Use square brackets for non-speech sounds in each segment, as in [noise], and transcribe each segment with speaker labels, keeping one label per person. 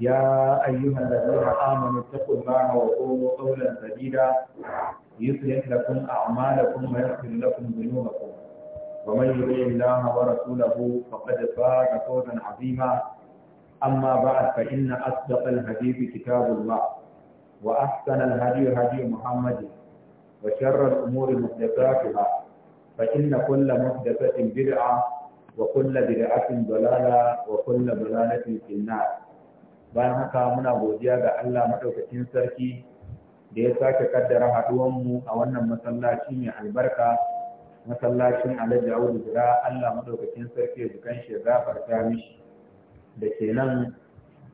Speaker 1: يا أيها الذين آمنوا اتقوا الله وقولوا قولا سديدا يصلح لكم أعمالكم ويغفر لكم ذنوبكم ومن يطع الله ورسوله فقد فاز فوزا عظيما أما بعد فإن أصدق الحديث كتاب الله وأحسن الهدي هدي محمد وشر الأمور محدثاتها فإن كل محدثة بدعة وكل بدعة ضلالة وكل ضلالة في النار bayan haka muna godiya ga Allah madaukakin sarki da ya sake kaddara haduwan mu a wannan masallaci mai albarka masallacin Alhaji Audu Jira Allah madaukakin sarki ya bukan shi gafarta mishi da ke nan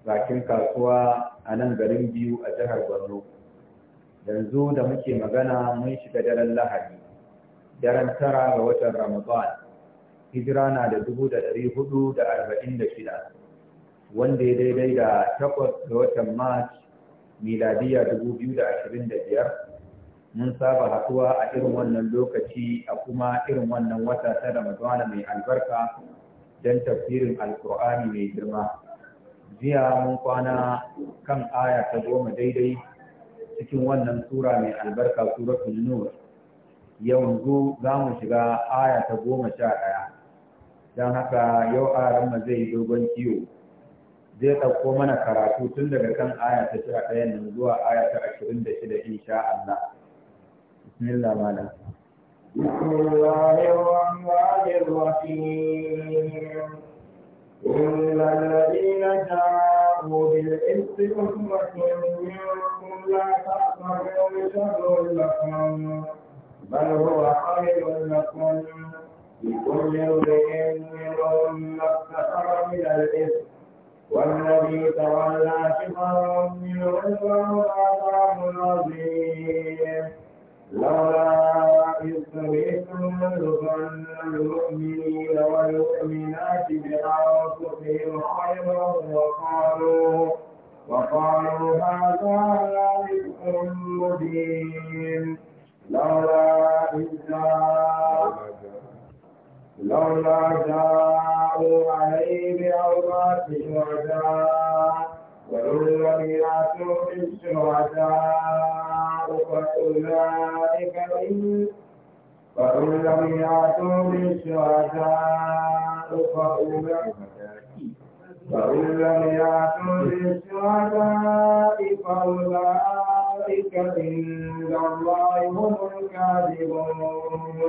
Speaker 1: bakin kasuwa a nan garin biyu a jihar Borno yanzu da muke magana mun shiga daren Lahadi daren tara ga watan Ramadan hijira na da dubu da ɗari hudu da arba'in da shida wanda ya daidai da takwas ga watan Mars miladiya 2025 mun saba haɗuwa a irin wannan lokaci a kuma irin wannan wata ta Ramadana mai albarka don tafsirin Alkur'ani mai girma. Jiya mun kwana kan aya ta goma daidai cikin wannan sura mai albarka suratul Nur. Yanzu za mu shiga aya ta goma sha ɗaya. Don haka yau aranma zai yi dogon kiwo. zai ɗauko mana karatu tun daga kan aya ta tara nan zuwa aya ta ashirin da shida insha Allah. Bismillah malam.
Speaker 2: إلا الذين جاءوا بالإنس عصمة منكم لا والذي تولى كبره منهم له عذاب عظيم لولا إذ سمعتم ظن المؤمنين والمؤمنات بأنفسهم خيرا وقالوا وقالوا هذا رزق مبين لولا إذ جاء لولا جاءوا عليه بأوقات الشهداء ولولا يأتوا بالشهداء فأولئك إن فإن لم يأتوا بالشهداء فأولئك فإن لم يأتوا بالشهداء فأولئك عند الله هم الكاذبون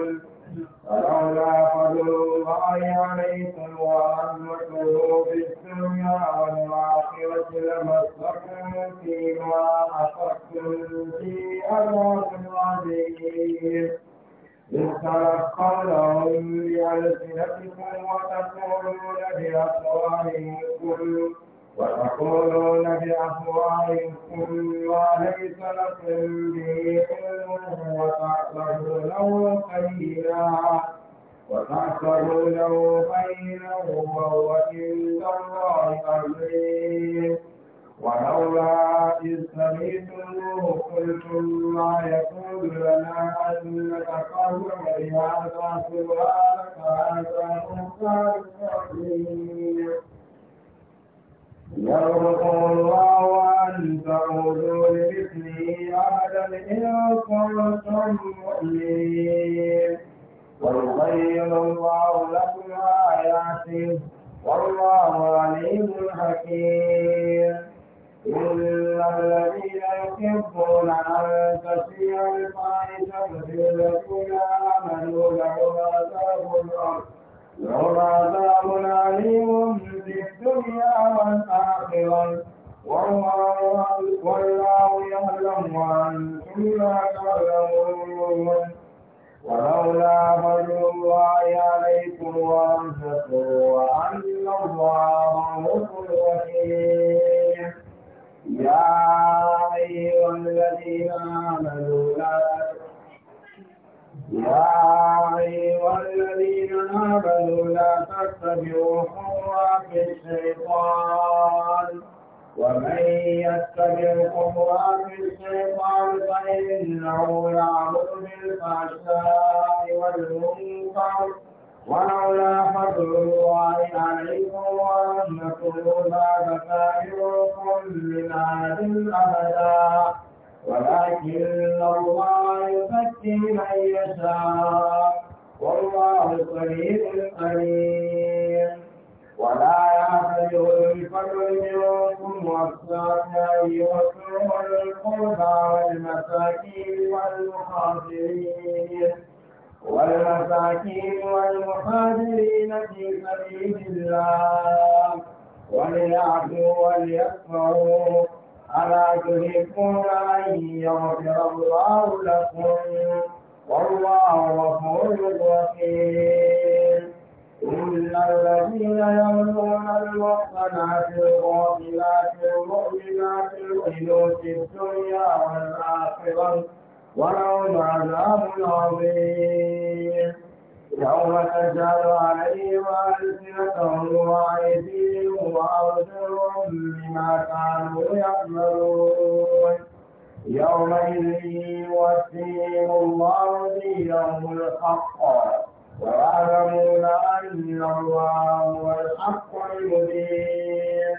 Speaker 2: فلولا فضل الله عليكم ورحمته في الدنيا والآخرة لمسكم فيما أخذتم في عذاب عظيم إذ تلقونهم بألسنتكم وتقولون بأفواهكم وتقولون بأفواهكم ما ليس لكم به علم وتعتبرونه خيرا وتعتبرونه خيرا وهو عند الله عظيم ولولا إذ سمعتموه قلتم ما يكون لنا أن نتقرب بهذا سبحانك هذا مختار عظيم
Speaker 1: يرزق
Speaker 2: الله أن تعودوا لمثله أبدا إن كنتم مؤمنين
Speaker 1: ويبين
Speaker 2: الله لكم آياته والله عليم حكيم إن الذين يحبون أن تسير الفاحشة في الذين آمنوا لهم عذاب الأرض لهم عذاب أليم في الدنيا والآخرة والله يعلم وأنتم لا تعلمون ولولا فضل الله عليكم ورحمته وأن الله غفور رحيم يا أيها الذين آمنوا لا يا أيها الذين آمنوا لا تتبعوا خطوات الشيطان ومن يتبع خطوات الشيطان فإنه يعبد بالفحشاء والمنكر ولولا فضل الله عليكم ورحمته ما بكى منكم من أحد أبدا ولكن الله يفتي من يشاء والله السميع العليم ولا يعتذر الفضل منكم والسعداء وكره القربى والمساكين والمحاصرين والمساكين والمحاذرين في سبيل الله وليعفوا وليكفروا ألا تحبون أن يغفر الله لكم والله غفور رحيم إن الذين يمنون المحصنات الغافلات المؤمنات القنوت الدنيا والآخرة ولهم عذاب عظيم يوم تجعل عليهم ألسنتهم وأيديهم وأرجلهم بما كانوا يعملون يومئذ يوفيهم الله دينهم الحق ويعلمون أن الله هو الحق المبين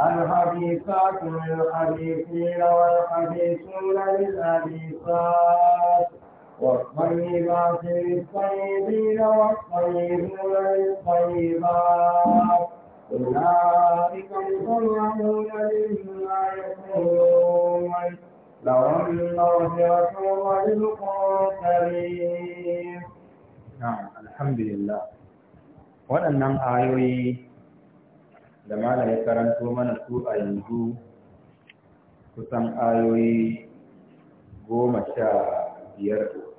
Speaker 2: الحديثات للحديثين والحديثون للحديثات والطيبات للطيبين والطيبون للطيبات أولئك يطلعون مما يكون لهم مغفرة ورزق كريم
Speaker 1: نعم الحمد لله waɗannan ayoyi da malam ya karanto mana su a yanzu kusan ayoyi goma sha biyar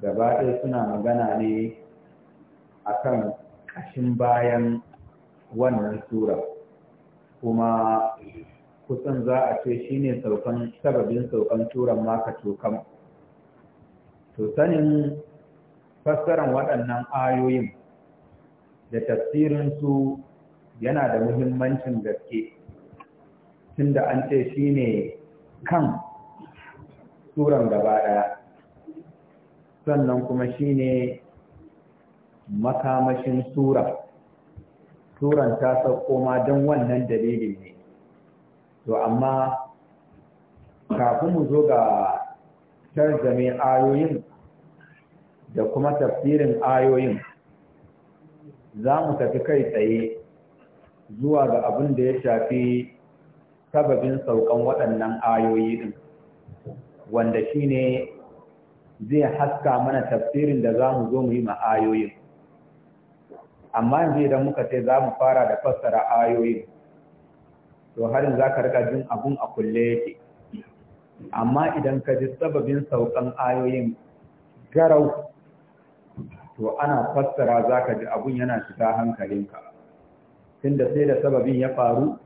Speaker 1: gaba ɗaya suna magana ne a kan ƙashin bayan wannan sura kuma kusan za a ce shi ne sababin saukan turan maka tokan to sanin fassaran waɗannan ayoyin da tafsirinsu yana da muhimmancin gaske tunda an ce shi ne kan turan gaba ɗaya sannan kuma shine makamashin sura turan ta sauko ma don wannan dalilin ne to amma kafin mu zo ga tarzame ayoyin da kuma tafsirin ayoyin za mu tafi kai tsaye zuwa ga abin da ya shafi sababin saukan waɗannan ayoyi ɗin wanda shine zai haska mana tafsirin da za mu zo mu yi ma ayoyin amma yanzu idan muka ce za mu fara da fassara ayoyin to harin za ka rika jin abun a kulle yake amma idan ka ji sababin saukan ayoyin garau to ana fassara za ka ji abun yana shiga hankalinka tunda sai da sababin ya faru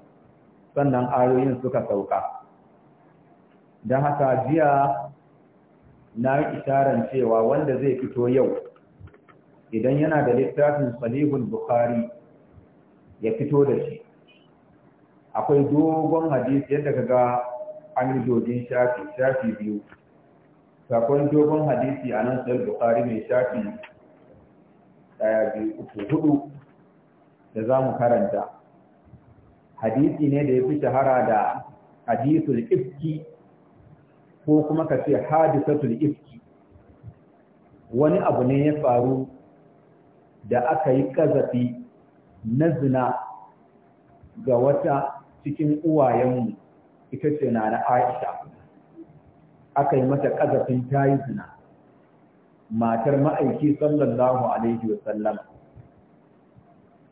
Speaker 1: sannan ayoyin suka sauka don haka jiya na isaran cewa wanda zai fito yau idan yana da littafin salihul bukhari ya fito da shi akwai dogon hadisi yadda kaga an yi dodin shafi shafi biyu sakon dogon hadisi a nan sai bukhari mai shafi daya biyu uku hudu da za mu karanta hadisi ne da ya fi shahara da hadisul ifki ko kuma ka ce hadisatul ifki wani abu ne ya faru da aka yi kazafi na zina ga wata cikin uwayenmu ita ce na na aisha aka yi mata kazafin tayi zina matar ma'aiki sallallahu alaihi wasallam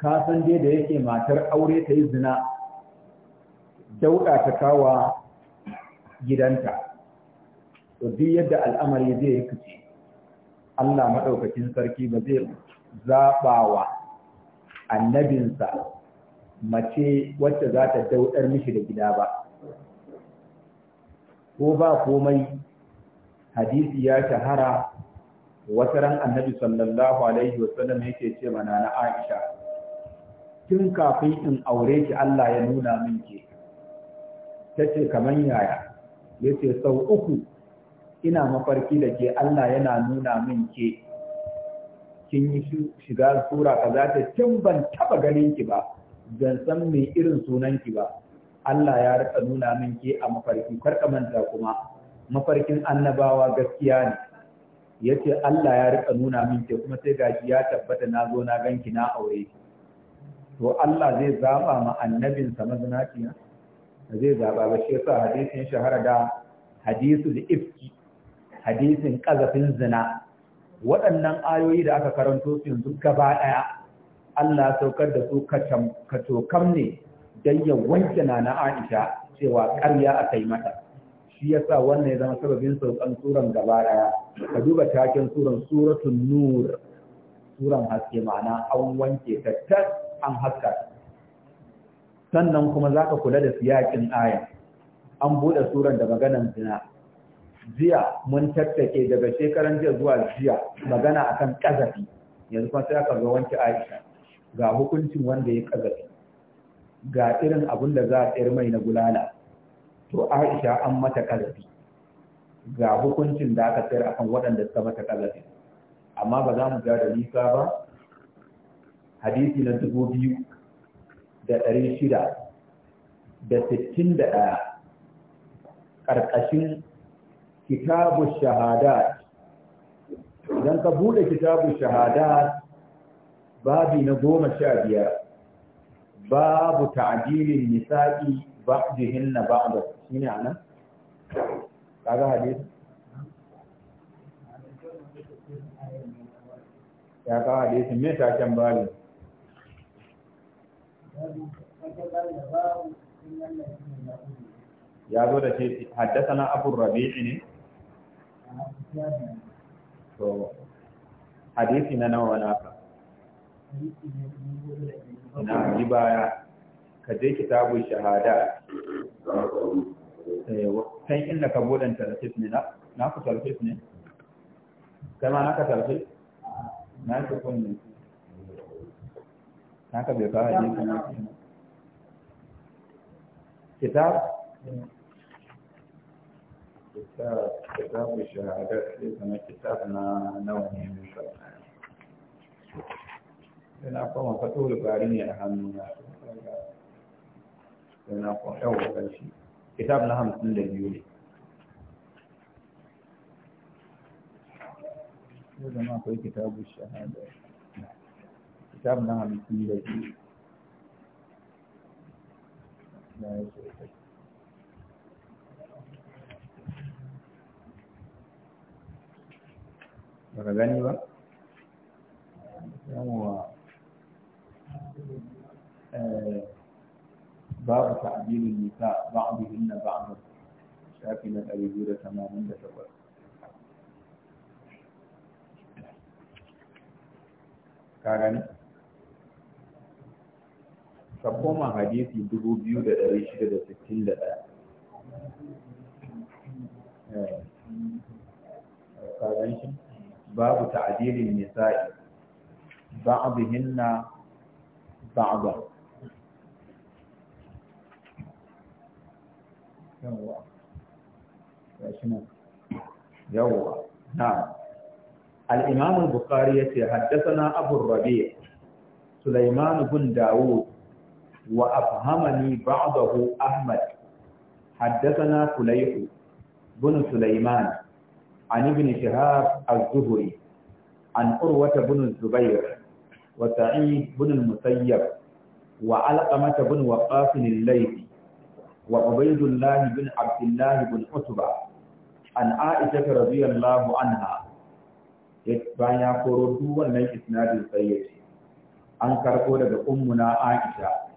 Speaker 1: ka san dai da yake matar aure ta yi zina dauka ta kawa gidanta to duk yadda al'amari zai yi Allah maɗaukacin sarki ba zai wa annabinsa mace wacce za ta daudar mishi da gida ba ko ba komai hadisi ya shahara wata ran annabi sallallahu alaihi wasallam yake ce mana na Aisha tun kafin in aure ki Allah ya nuna min ke tace kaman yaya yace sau uku ina mafarki da ke Allah yana nuna min ke kin yi shiga sura kaza ta tun ban taba ganin ki ba zan san me irin sunan ki ba Allah ya rika nuna min ke a mafarki kar manta kuma mafarkin annabawa gaskiya ne yace Allah ya rika nuna min ke kuma sai gashi ya tabbata na zo na ganki na aure to Allah zai zaba ma annabinsa mazinaciya zai zaba ba shi yasa hadisin shahara da hadisu da ifki hadisin ƙazafin zina waɗannan ayoyi da aka karanto su yanzu gaba ɗaya Allah saukar da su kacokam ne don ya wanke na na Aisha cewa ƙarya aka yi mata shi yasa wannan ya zama sababin saukan suran gaba ɗaya ka duba taken suran suratul nur suran haske ma'ana an wanke ta an haska sannan kuma zaka kula da siyakin ayan an buɗe suran da maganan zina jiya mun tattake daga shekaran jiya zuwa jiya magana akan kazafi yanzu kuma sai aka ga wanke Aisha ga hukuncin wanda ya kazafi ga irin abin da za a tsayar mai na gulala to Aisha an mata kazafi ga hukuncin da aka tsayar akan waɗanda suka mata kazafi amma ba za mu ga da nisa ba hadisi na dubu biyu da ɗari shida da sittin da ɗaya ƙarƙashin kitabu shahadat idan ka bude kitabu shahadat babi na goma sha biyar babu ta'adilin nisa'i ba'dihin na ba'da shi ne anan kaga hadisi ya kawo hadisi me taken babu ya zo da ce haddasa na abu rabi'i ne to hadisi na nawa naka na yi baya ka je kitabu shahada eh, kan inda ka buɗin talfis ne na ku talfis ne kai ma naka talfis na su kunne naka bai ba hadisi na Kitabu. كتاب yana fato ne a yana ƙarshe kitab na hamsin da biyu ne zama akwai kitabu shahada kitab na hamsin da biyu na baka gani ba yawwa babu ta'adilin nisa ba'dihin na ba'd shafi na 288 ka gani ka koma hadisi 2661 ka gani shi باب تعديل النساء بعضهن بعضا يوه yawwa نعم. الإمام البخاري حدثنا أبو الربيع سليمان بن داود وأفهمني بعضه أحمد حدثنا فليح بن سليمان عن ابن شهاب الزهري عن عروة بن الزبير وسعيد بن المسيب وعلقمة بن وقاص الليثي وعبيد الله بن عبد الله بن عتبة عن عائشة رضي الله عنها bayan ya koro duk wannan isnadin sai ya an karɓo daga ummuna Aisha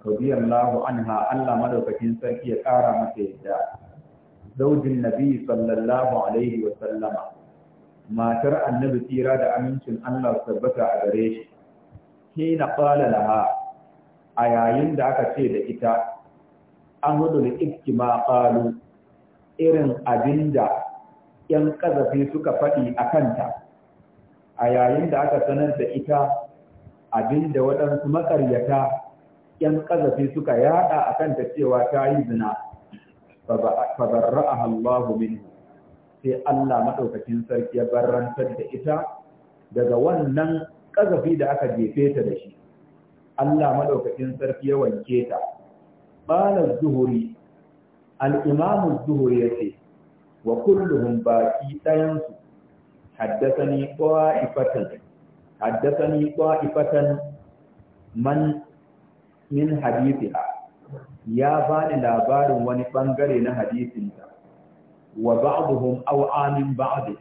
Speaker 1: radiyallahu anha Allah madaukakin sarki ya kara mata yadda zaujin nabi sallallahu alaihi wa sallama matar annabi tsira da amincin Allah tabbata a gare shi hina qala laha a yayin da aka ce da ita an hudu da ibki ma qalu irin da yan kazafi suka faɗi a kanta a yayin da aka sanar da ita abinda waɗansu makaryata yan kazafi suka yada a kanta cewa ta yi zina fabarra'aha Allahu minhu sai Allah madaukakin sarki ya barrantar da ita daga wannan kazafi da aka jefe ta da shi Allah madaukakin sarki ya wanke ta qala zuhuri al-imam zuhuri yace wa kulluhum baqi ɗayansu. su haddathani qa'ifatan haddathani qa'ifatan man min hadithiha ya bani labarin wani bangare na hadisinta wa ba'dhum aw amin ba'd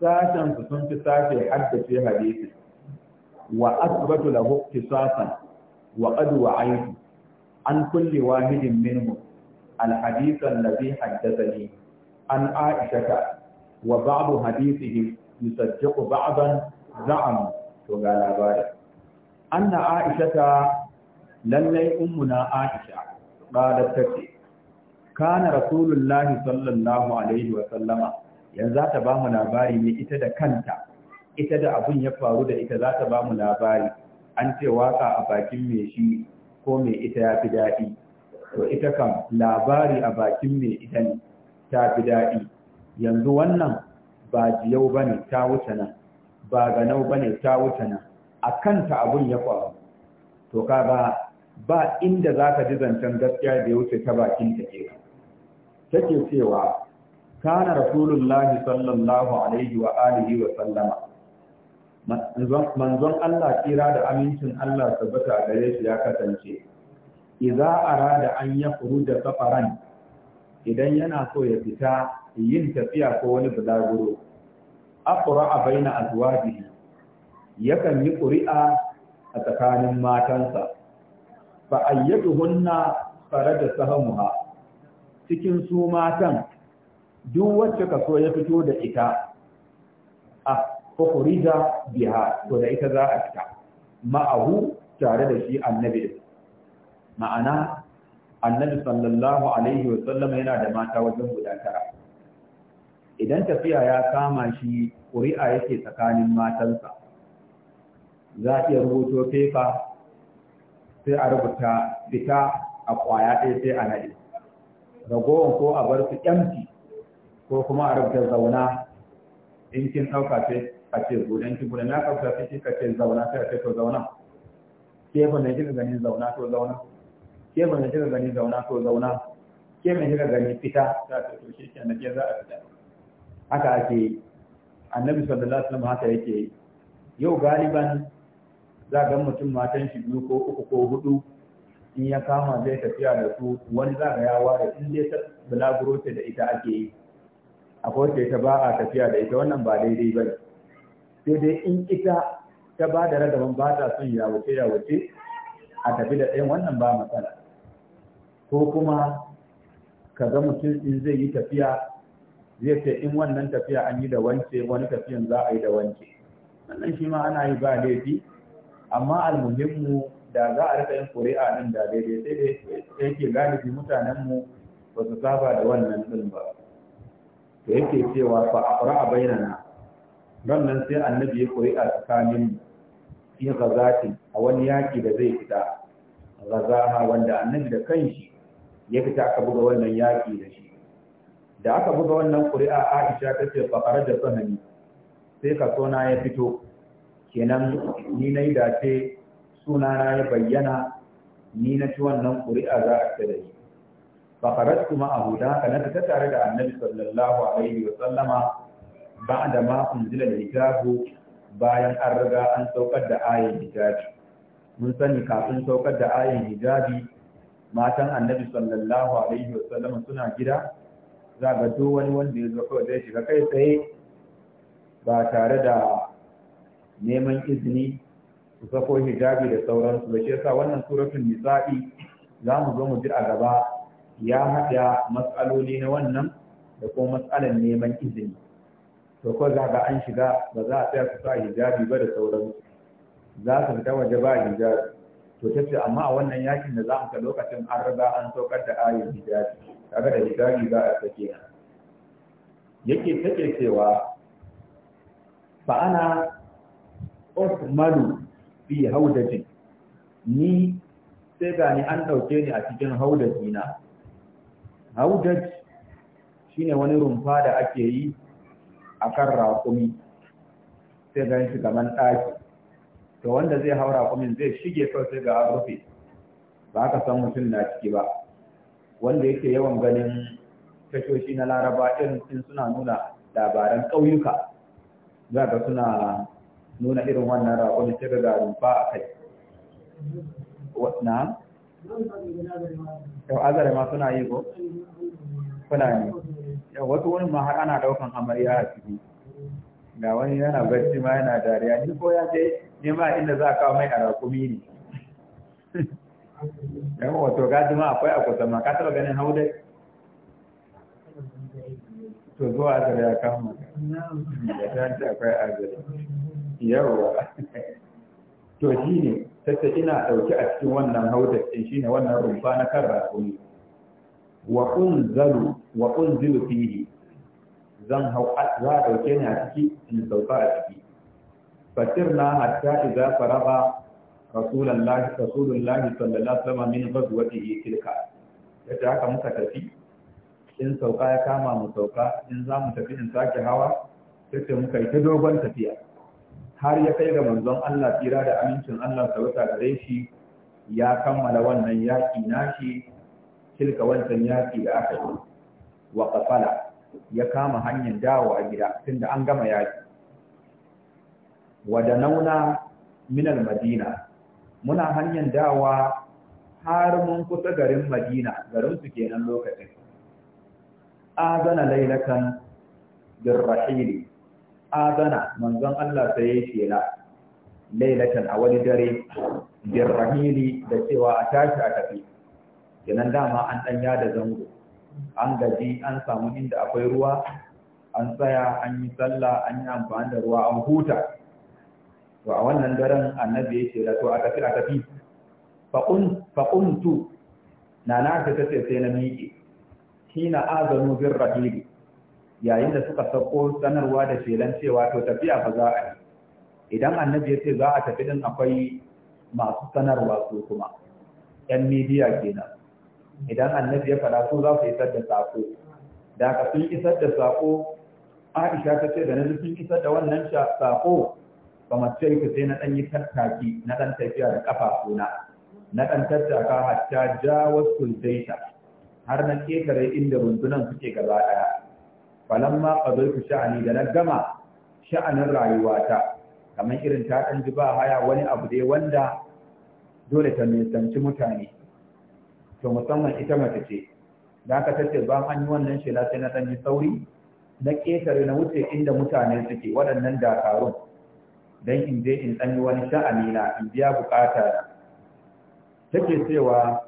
Speaker 1: sashen su sun fi sashe haddace hadisi. wa asbatu lahu ikhtisasan wa qad wa'aytu an kulli wahidin minhum al hadith alladhi haddathani an aisha wa ba'd hadithihim yusajjiqu ba'dan za'am to ga labarin anna aisha lallai ummuna Aisha qalat tace kana rasulullahi sallallahu alaihi wa sallama yanzu za ta ba mu labari ne ita da kanta ita da abun ya faru da ita za ta ba mu labari an ce waka a bakin mai shi ko mai ita ya fi daɗi to ita kam labari a bakin mai ita ne ta fi daɗi yanzu wannan ba jiyau ba ne ta wuce nan ba ganau ba ne ta wuce nan a kanta abun ya faru to kaga ba inda za ka ji zancen gaskiya da ya wuce ta bakin ta ke take cewa kana rasulullahi sallallahu alaihi wa alihi wa sallama manzon Allah kira da amincin Allah tabbata gare shi ya kasance idza arada an furu da safaran idan yana so ya fita yin tafiya ko wani bulaguro aqra'a baina azwajihi yakan yi ƙuri'a a tsakanin matansa fa hunna farada sahamuha cikin su matan duk wacce ka so ya fito da ita a fukuriza biha to da ita za a fita ma'ahu tare da shi annabi ma'ana annabi sallallahu alaihi wasallam yana da mata wajen guda tara idan tafiya ya kama shi ƙuri'a yake tsakanin matansa za a iya rubuto fefa sai a rubuta fita a kwaya ɗaya sai a naɗe ragowar ko a bar su empty ko kuma a rubuta zauna in kin ɗauka sai a ce buɗe kin buɗe na ɗauka sai kika ce zauna sai a ce to zauna ke ban da kika gani zauna to zauna ke ban da kika gani zauna to zauna ke ban kika gani fita sai a ce to shi kenan ke za a fita haka ake yi annabi sallallahu alaihi wasallam haka yake yi yau galiban za ga mutum matan shi biyu ko uku ko hudu in ya kama zai tafiya da su wani za ga ya ware in dai ta bulaguro ce da ita ake yi akwai kowace ta ba a tafiya da ita wannan ba daidai ba sai dai in ita ta ba da ragaban ba ta son ya yawace ya wuce a tafi da ɗayan wannan ba matsala ko kuma ka ga mutum in zai yi tafiya zai ce in wannan tafiya an yi da wance wani tafiyan za a yi da wance wannan shi ma ana yi ba laifi amma almuhimmu da za a rika yin ƙuri'a nan da daidai sai da yake galibi mutanenmu ba su saba da wannan ɗin ba to yake cewa fa a bainana ran nan sai annabi ya ƙuri'a tsakanin yin gazati a wani yaƙi da zai fita ghazaha wanda annabi da kanshi ya fita aka buga wannan yaƙi da shi da aka buga wannan ƙuri'a Aisha ta ce fa da sahani sai ka sona ya fito kenan ni na yi dace suna na ya bayyana ni na ci wannan ƙuri'a za a ba yi rasu ma a da haka na ta tare da annabi sallallahu alaihi wa sallama da ma da hijabu bayan an riga an saukar da ayin hijabi mun sani kafin saukar da ayin hijabi matan annabi sallallahu alaihi wa sallama suna gida za ga duk wani wanda ya zo kawai zai shiga kai tsaye ba tare da neman izini su sako hijabi da sauransu da shi yasa wannan suratul nisa'i za mu zo mu ji a gaba ya haɗa matsaloli na wannan da kuma matsalar neman izini to ko za ga an shiga ba za a tsaya su sa hijabi ba da sauransu za su fita waje ba hijabi to tace amma a wannan yakin da za mu ka lokacin an riga an saukar da ayin hijabi kaga da hijabi ba a sake yake take cewa fa ana uhmalu fi haudajin ni sai ga an ɗauke ni a cikin haudajina haudaj shine wani rumfa da ake yi a kan raƙumi sai ga shi gaban ɗaki to wanda zai hau raƙumin zai shige sosai ga an rufe ba ka san mutum na ciki ba wanda yake yawan ganin tashoshi na laraba irin suna nuna labaran ƙauyuka za ka suna nuna irin wannan raƙon sai ga rumfa a kai na yau azare ma suna yi ko suna yi yau wasu wani ma har ana daukan amarya a ciki ga wani yana barci ma yana dariya ni ko ya ce ne ma inda za kawo mai a raƙumi ne [laughs] yan wato gaji ma akwai a kusa ma ka taɓa ganin hau dai to zuwa azare ya kama ka ya ta akwai azare yawa to shi ne tace ina ɗauke a cikin wannan haudar ɗin shi ne wannan rumfa na kan rakumi wa unzalu wa unzilu fihi zan hau za a ɗauke ni a ciki in sauka a ciki fatirna hatta idza faraba rasulullahi rasulullahi sallallahu alaihi wasallam min ghazwatihi tilka yace haka muka tafi in sauka ya kama mu sauka in za mu tafi in sake hawa sai muka yi ta dogon tafiya har ya kai ga manzon Allah tsira da amincin Allah wuta gare shi ya kammala wannan yaƙi nashi tilka wancan yaƙi da aka yi wa kafala ya kama hanyar dawo a gida tunda an gama yaƙi wada nauna minal madina muna hanyar dawa har mun kusa garin madina garin su kenan lokacin azana bin birrahili adana manzon Allah sai ya shela lailatan a wani dare birrahili da cewa a tashi a tafi kenan dama an dan yada zango an gaji an samu inda akwai ruwa an tsaya an yi sallah an yi amfani da ruwa an huta to a wannan daren annabi ya shela to a tafi a tafi na na ta sai na miƙe shi na azanu bin rahili yayin da suka sauko sanarwa da shelan cewa to tafiya ba za a yi idan annabi ya ce za a tafi din akwai masu sanarwa su kuma yan midiya kenan idan annabi ya fara su za su isar da sako da ka sun isar da sako Aisha ta ce da na sun isar da wannan sako ba mace ku sai na dan yi tattaki na ɗan tafiya da kafafuna na dan tattaka hatta jawas kuldaita har na ketare inda rundunan suke gaba ɗaya. falamma qadaitu sha'ani da na gama sha'anin rayuwata kamar irin ta dan ji ba haya wani abu dai wanda dole ta nisanci mutane to musamman ita mace ce da aka tace ba an yi wannan shela sai na dan sauri na ƙetare na wuce inda mutane suke waɗannan dakarun don in je in ɗanyi wani sha'ani na in biya bukata take cewa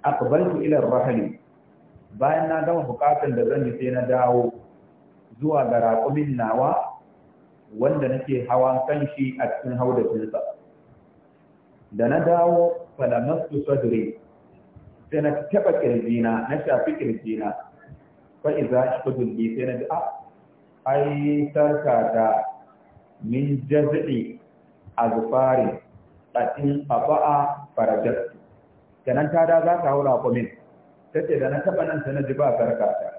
Speaker 1: aqbaltu ila rahali bayan na gama bukatun da zan yi sai na dawo zuwa ga raƙumin nawa wanda nake hawa kan shi a cikin haudacinsa da na dawo falamastu sadri sai na taɓa ƙirjina na shafi ƙirjina fa iza shi bi sai na ji a ah, ai sarka da min a azfari tsakin aba'a farajar kenan ta da za ta haura kumin ta ce da na taɓa nan ta na ji ba sarka ta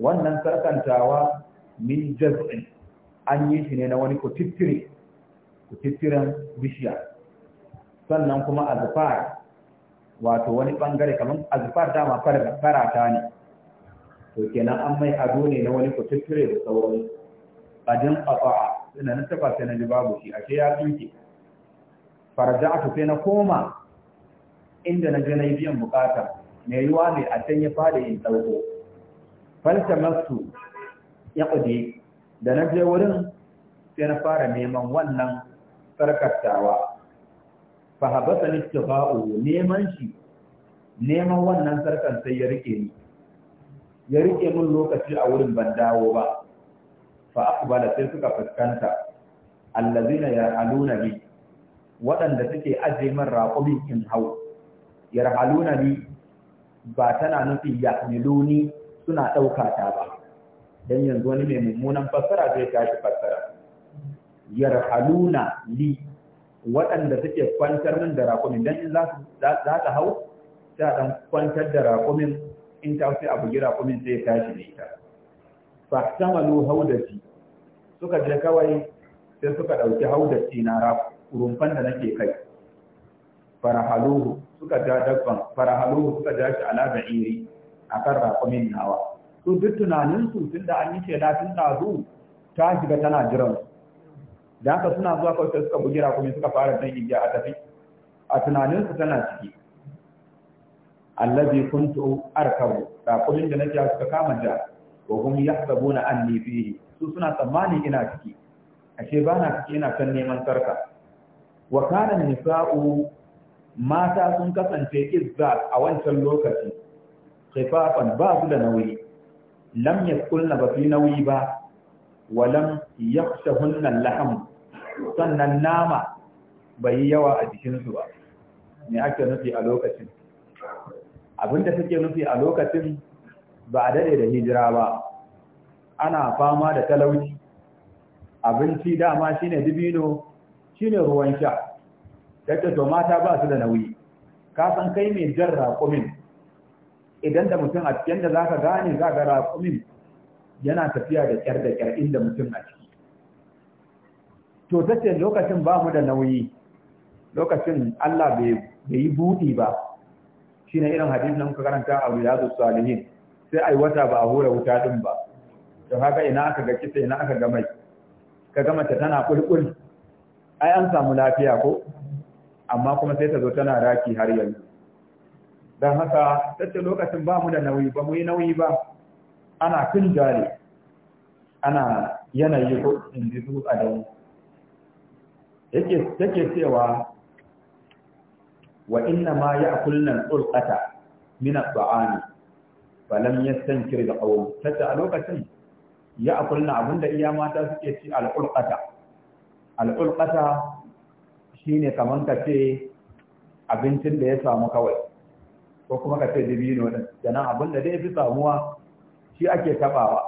Speaker 1: wannan sarkantawa min jaz'in an yi shi ne na wani kutittire kutittiran bishiya sannan kuma azfar wato wani bangare kamar azfar dama farata ne to kenan an mai ado ne na wani kutittire da sauran ajin qata'a ina na tafa sai na ji babu shi ashe ya tsinke farja'atu sai na koma inda na je na biyan bukata mai yuwa ne a can ya fada in dauko faltamastu ya ƙudi da na je wurin sai na fara neman wannan sarkartawa fahabata ni tifa'u neman shi neman wannan sarkan sai ya rike ni ya rike min lokaci a wurin ban dawo ba fa aqbala sai suka fuskanta allazina yarhaluna bi waɗanda suke ajiye min raqumin in hau yarhaluna bi ba tana nufin yahmiluni suna ɗauka ta ba don yanzu wani mai mummunan fassara zai tashi fassara yarhaluna li waɗanda suke kwantar min da rakumin don in za ta hau sai ɗan kwantar da raƙumin in ta sai abu gira raƙumin sai ya tashi da ita fa samalu haudati suka je kawai sai suka ɗauki haudati na rumfan da nake kai farahaluhu suka ja dabban farahaluhu suka ja shi ala iri. A kan raƙumin nawa su duk tunaninsu tun da an yi shaida tun ɗazu ta shiga tana jiran da haka suna zuwa kawai suka bugi raƙumi suka fara zan igiya a tafi a tunaninsu tana ciki allazi kuntu arkabu raƙumin da nake suka kama da wa hum yahsabuna anni fihi su suna tsammani ina ciki ashe ba na ciki yana kan neman sarka wa nisa'u mata sun kasance izza a wancan lokaci khifafan ba su da nauyi lam yasqulna ba fi nauyi ba wa lam yakhshahunna laham sannan nama bai yawa a jikinsu ba ne ake nufi a lokacin abinda suke nufi a lokacin ba a dade da hijira ba ana fama da talauci abinci dama shine dibino shine ruwan sha tattato mata ba su da nauyi ka san kai mai jan raƙumin idan da mutum a cikin da zaka gane za ga raƙumin yana tafiya da kyar da kyar inda mutum a ciki to ta ce lokacin ba mu da nauyi lokacin Allah bai yi buɗi ba shi ne irin hadisi nan ka karanta a riyadu salihin sai ai wata ba a hura wuta ɗin ba to haka ina aka ga kitse ina aka ga mai ka ga mace tana kulkul ai an samu lafiya ko amma kuma sai ta zo tana raki har yanzu don haka tattalin lokacin ba mu da nauyi ba mu yi nauyi ba ana fin jari ana yanayi ko in ji su a dai yake cewa wa inna ma ya akulnan tsulkata min at-ta'ami falam yastankir da qawm tata a lokacin ya akulna abinda iya mata suke ci al-ulqata al ne shine ka ce abincin da ya samu kawai ko kuma ka ce dabino din sannan abin da dai fi samuwa shi ake tabawa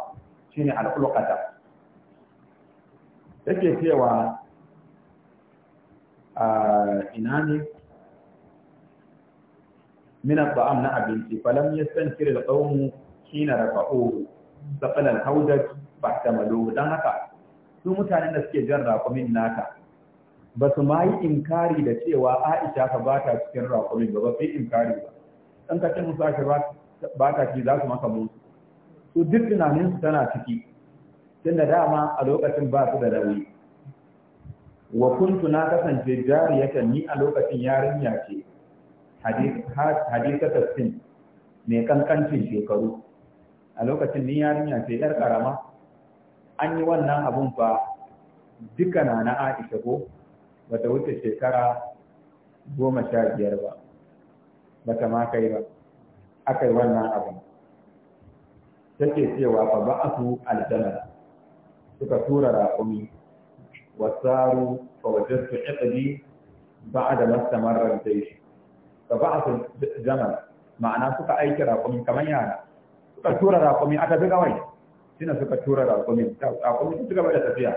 Speaker 1: shine alqulqata yake cewa a ina ne min at'am na abinci falam yastankir alqawm hina rafa'u ba ta fahtamalu dan haka su mutanen da suke jan raƙumin naka ba su ma yi inkari da cewa Aisha ka ba ta cikin raƙumin ba ba fi inkari ba ɗan kacin musu ake ba ta ci za su maka musu su duk tunanin tana ciki da dama a lokacin ba su da nauyi wa kuntu na kasance ya ni a lokacin yarinya ce hadisa tafsin mai kankancin shekaru a lokacin ni yarinya ce yar karama an yi wannan abun fa duka na na Aisha ko bata wuce shekara goma sha biyar ba bata ma kai ba akai wannan abu take cewa fa ba'athu aljanna suka tura raƙumi wasaru fa wajadtu da ba'da mastamarra jaysh fa ba'athu jamal ma'ana suka aiki raƙumi kamar yana suka tura raƙumi aka bi gawai shine suka tura raƙumi raƙumi su gaba da tafiya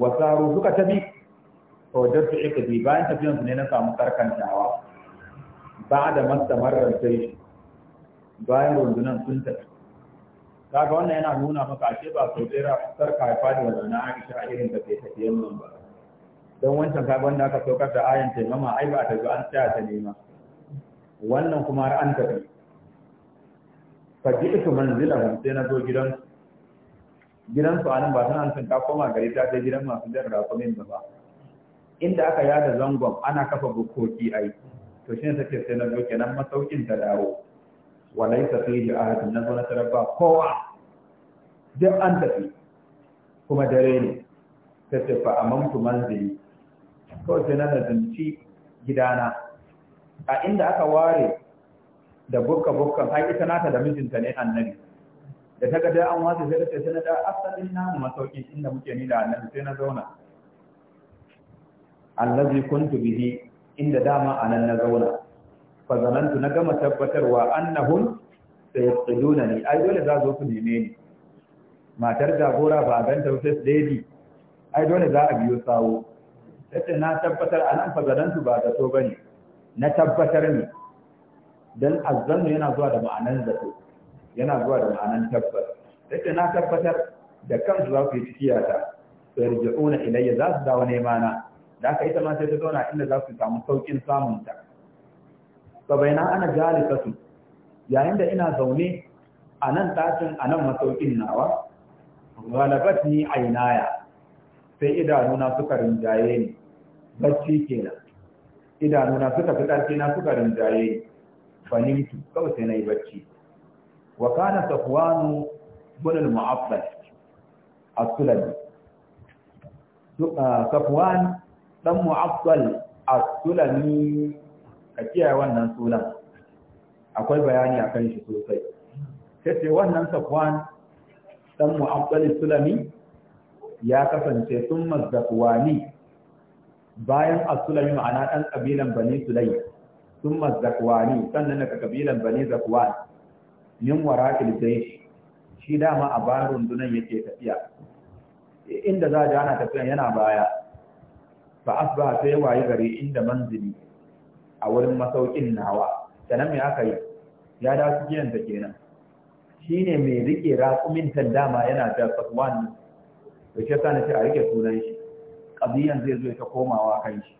Speaker 1: wasaru suka tafi fa wajadtu iqdi bayan tafiyan su ne na samu karkantawa ba da mastamarar sai bayan rundunan sun tafi kaga wannan yana nuna maka ashe ba sau ɗaya sarka haifa da wannan aisha a irin da ke tafiyan nan ba don wancan kagon da aka saukar da ayan taimama ai ba ta zo an tsaya ta nema wannan kuma har an tafi fa ji'tu manzilahum sai na zo gidan gidansu gidansu anan ba tana nufin ta koma gari ta je gidan masu jan rakumin ba inda aka yada zangon ana kafa bukoki aiki. to shi ne take sai na zo kenan masaukin ta dawo Walai fi fihi ahad na zo na tarar ba kowa duk an tafi kuma dare ne ta ce fa amantu manzili ko sai na zanci gidana a inda aka ware da bukka bukkan har ita nata da mijinta ne annabi da ta ga an wasu sai ta ce sai na da asalin namu masaukin inda muke ni da annabi sai na zauna allazi kuntu bihi inda dama a nan na zauna fa na gama tabbatarwa annahum sayaqiduna ni ai dole za zo su neme ni matar jagora ba ganta first lady ai dole za a biyo sawo sai na tabbatar a nan fa ba zato bane na tabbatar ne dan azzannu yana zuwa da ma'anan zato yana zuwa da ma'anan tabbas sai na tabbatar da kansu za su yi cikiyata sai yarji'una ilayya za su dawo nema na da aka ita ma sai ta zauna inda za su samu saukin samun ta fa baina ana jalikatu yayin da ina zaune a nan tashin a nan masaukin nawa galabat ni ainaya sai idanuna suka rinjaye ni bacci kenan idanuna suka fi ƙarfi na suka rinjaye ni fanimtu kawai sai na yi bacci wa kana safwanu bunul mu'affal as-sulami ah, safwan dan mu'abbal as-sulami ka kiyaye wannan sulan. akwai bayani a kan shi sosai sai ce wannan safwan dan mu'abbal as-sulami ya kasance sun mazzakwani bayan as-sulami ma'ana ɗan kabilan bani sulai sun mazzakwani sannan daga kabilan bani zakwan min wara'il jaysh shi dama a bayan rundunan yake tafiya inda za a ana tafiya yana baya fa asbaha sai waye gari inda manzili a wurin masaukin nawa sanan me aka yi ya da su kiyan ta kenan shine mai rike raƙumin dama yana da fatwan da shi yasa shi a rike sunan shi qadiyan zai zo ta komawa kan shi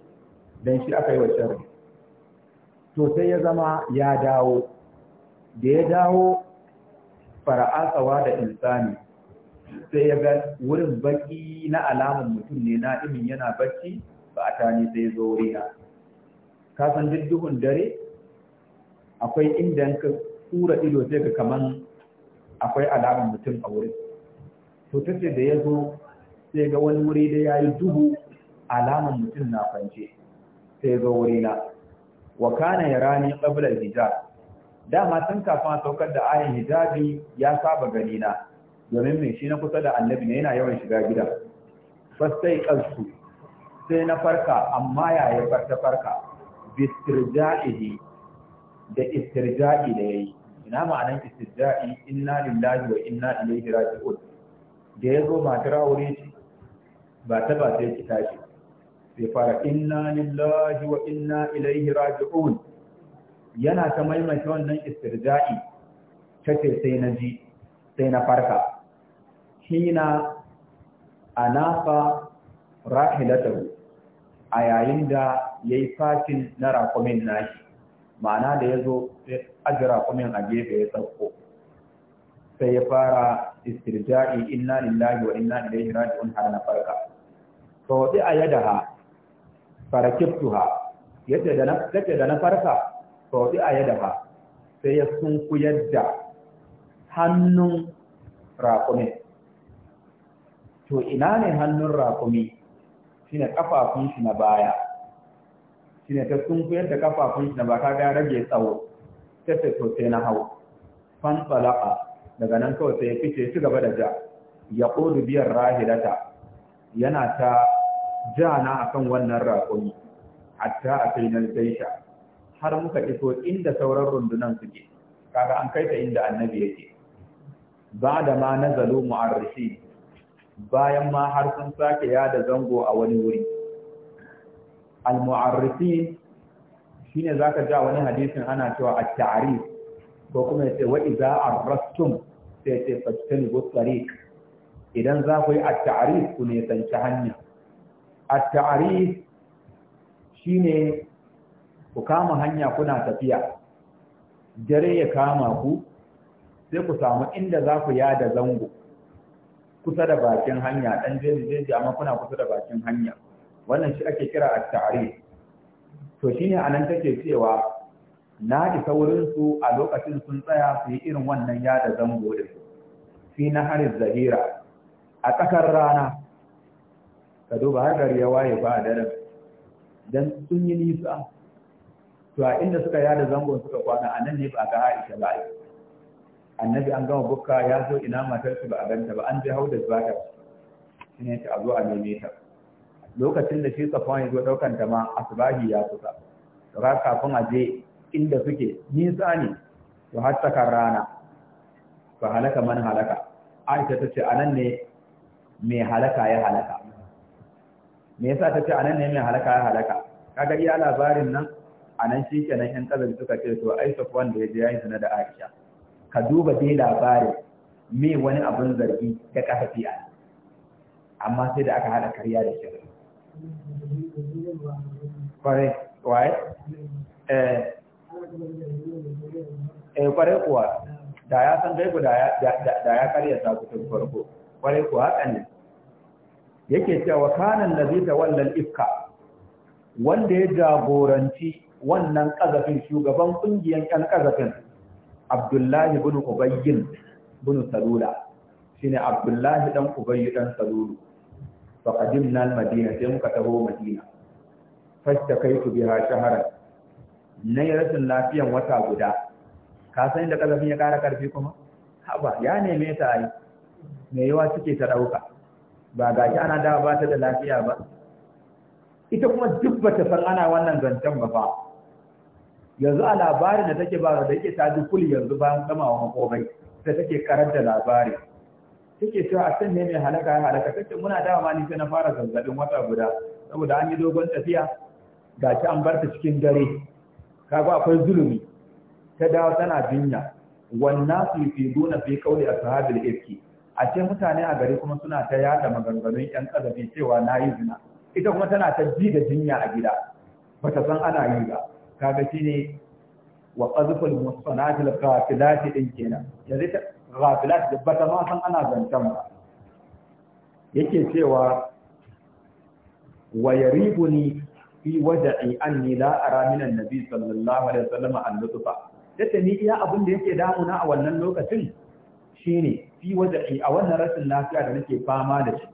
Speaker 1: dan shi aka yi wa sharri to sai ya zama ya dawo da ya dawo fara'a tsawa da insani sai ya ga wurin baki na alamun mutum ne na imin yana bacci ba a tani sai ya zo wurina ka san duk duhun dare akwai inda ka tura ido sai ka kaman akwai alamun mutum a wurin to ta ce da ya zo sai ga wani wuri da ya yi duhu alamun mutum na kwance sai zo wurina wa kana ya rani ƙablar hijab dama tun kafin saukar da ayin hijabi ya saba gani na. domin me shi na kusa da annabi ne yana yawan shiga gida fastai kansu sai na farka amma yaya farta farka bistirja'ihi da istirja'i da yayi ina ma'anan istirja'i inna lillahi wa inna ilaihi raji'un da yazo matar aure ce ba ta ba sai ki tashi sai fara inna lillahi wa inna ilaihi raji'un yana ta maimaita wannan istirja'i ce sai na ji sai na farka hina anafa rahilatahu a yayin da yayi fashin na rakumin nashi ma'ana da yazo sai aji rakumin a gefe ya sauko sai ya fara istirja'i inna lillahi wa inna ilaihi raji'un har na farka to sai a ha farakiftuha yace da na yace da na farka to sai a ha, sai ya sunku yadda hannun rakumin to ina ne hannun rakumi shine kafafun shi na baya shine ta sunkuyar da kafafun shi na baya ta ya rage tsawo ta ce to sai na hau fan tsala'a, daga nan kawai sai ya fice shi gaba da ja ya ƙodu biyar rahilata yana ta jana na akan wannan rakumi hatta kai nan zaisha har muka iso inda sauran rundunan suke kaga an kai ta inda annabi yake ba da ma nazalu mu'arrishi bayan ma har sun sake yada zango a wani wuri al-mu'arrifin shine zaka ja wani hadisin ana cewa a tarif ko kuma yace wa idza rastun sai yace fastanibu tariq idan za ku yi a ku ne hanya at shi shine ku kama hanya kuna tafiya dare ya kama ku sai ku samu inda za ku yada zango kusa da bakin hanya dan jeji jeji amma kuna kusa da bakin hanya wannan shi ake kira a tarif to shine anan take cewa na isa wurin su a lokacin sun tsaya su yi irin wannan yada zango din fi nahariz zahira a tsakar rana ka duba har gari ya waye ba daren dan sun yi nisa to a inda suka yada zango suka kwana a nan ne ba ga Aisha ba annabi an gama bukka ya zo ina matarsa ba a ganta ba an ji hau da zuwa shi ne ta zo a neme ta lokacin da shi safwan ya zo daukan ta ma asbahi ya kusa to ka kafin a je inda suke nisa ne to har tsakar rana fa halaka man halaka aisha ta ce anan ne mai halaka ya halaka me yasa ta ce anan ne mai halaka ya halaka kaga iya labarin nan anan shi kenan yan kazan suka ce to aisha da ya je ya yi da aisha ka duba dai labarin me wani abun zargi ta kafafi a amma sai da aka hada karya da shirin kwarai kwarai eh eh kwarai kuwa da ya san gaibu da ya karya ta tun farko kwarai kuwa haka ne yake cewa kanan na zai ta wallan ifka wanda ya jagoranci wannan kazafin shugaban kungiyan kan kazafin Abdullahi bin Ubayyin bin Salula shine Abdullahi dan ubayyu dan Salulu fa qadimna al-Madina sai muka taho Madina fastakaitu biha shaharan nayi rashin lafiyan wata guda ka san da kazafin ya kara karfi kuma haba ya neme ta ai me yawa suke ta ɗauka ba gashi ana da ba ta da lafiya ba ita kuma duk bata san ana wannan zancen ba fa yanzu a labarin da take ba da yake ta dukul yanzu bayan gamawa makomai, da take karanta labari take cewa a can ne mai halaka ya halaka take muna dama ni sai na fara zanzabin wata guda saboda an yi dogon tafiya ci an barta cikin dare kaga akwai zulumi ta dawo tana jinya wannan su fi duna fi kauli a sahabil efki a ce mutane a gari kuma suna ta yada maganganun yan kazafi cewa na yi zina ita kuma tana ta ji da jinya a gida bata san ana yi ba kaga shine wa qazful musanat al qafilat din kenan yanzu ta ghafilat da bata ma san ana zancan ba yake cewa wa yaribuni fi wada'i anni la ara min annabi sallallahu alaihi wasallam an lutfa yadda ni iya abin da yake damuna a wannan lokacin shi ne fi wada'i a wannan rashin lafiya da nake fama da shi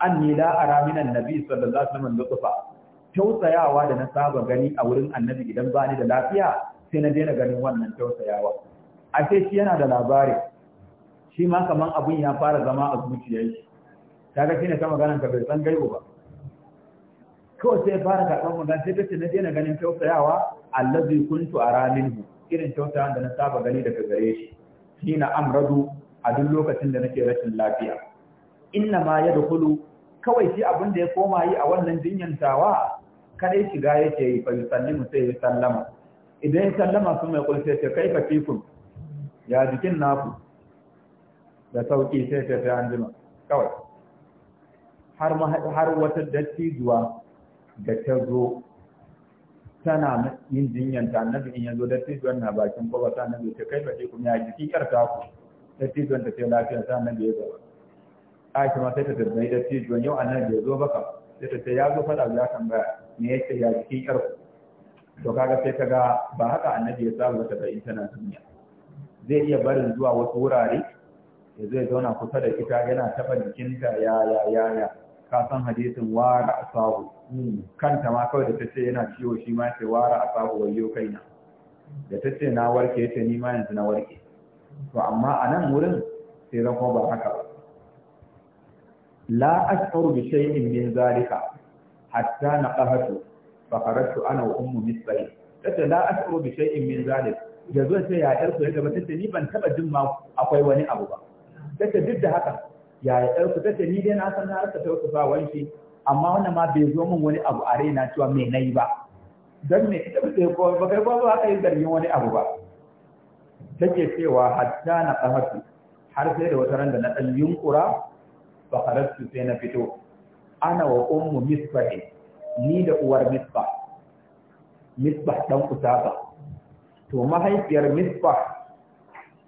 Speaker 1: anni la ara min annabi sallallahu alaihi wasallam lutfa tausayawa da na saba gani a wurin annabi idan ba ni da lafiya sai na daina ganin wannan tausayawa a ce shi yana da labari shi ma kaman abun ya fara zama a zuciyar shi kaga shine ta magana ka bai san gaibu ba kawai sai fara karɓar magana sai ce na daina ganin tausayawa allazi kuntu ara minhu irin tausayawa da na saba gani daga gare shi Shi na amradu a duk lokacin da nake rashin lafiya inna ma yadkhulu kawai shi abin da ya koma yi a wannan jinyantawa kadai shiga yake yi fa yusallimu sai ya sallama idan ya sallama kuma ya kulce ce kai ka fikun ya jikin naku da sauki sai ta ta anjima kawai har har wata dattijuwa da ta zo tana yin jinyar ta annabi in yazo dattijuwan na bakin kofa ta annabi ta kai fa fikun ya jiki? Kar ta ku dattijuwan ta ce lafiya ta annabi ya gaba Aisha ma sai ta tabbai dattijuwan yau annabi ya zo baka sai ta ce ya zo fada ya tambaya me yake ya jikin yar to kaga sai kaga ba haka annabi ya samu ta bai tana duniya zai iya barin zuwa wasu wurare ya zai zauna kusa da ita yana taba jikinta ya ya ya ya ka san hadisin wara asabu hmm, kanta ma kawai da tace yana ciwo shi ma sai wara asabu wayo kaina da tace na warke yace ni ma yanzu na warke to amma a nan wurin sai zan kuma ba haka ba la ashuru bi shay'in min zalika hatta na ƙahatu fa karatu ana wa ummu misbahi tace la asru bi shay'in min zalik da zan sai ya yarku ya gaba tace ni ban taba jin ma akwai wani abu ba tace duk da haka ya yarku tace ni dai na san na harka tausafa wanki amma wannan ma bai zo min wani abu a raina cewa me nayi ba dan ne ita ba ko ba kai ba ba wani abu ba take cewa hatta na qahatu har sai da wata ran da na dan yunkura fa sai na fito ana wa ummu misbahi ni da uwar misbah misbah dan kusaba to mahaifiyar misbah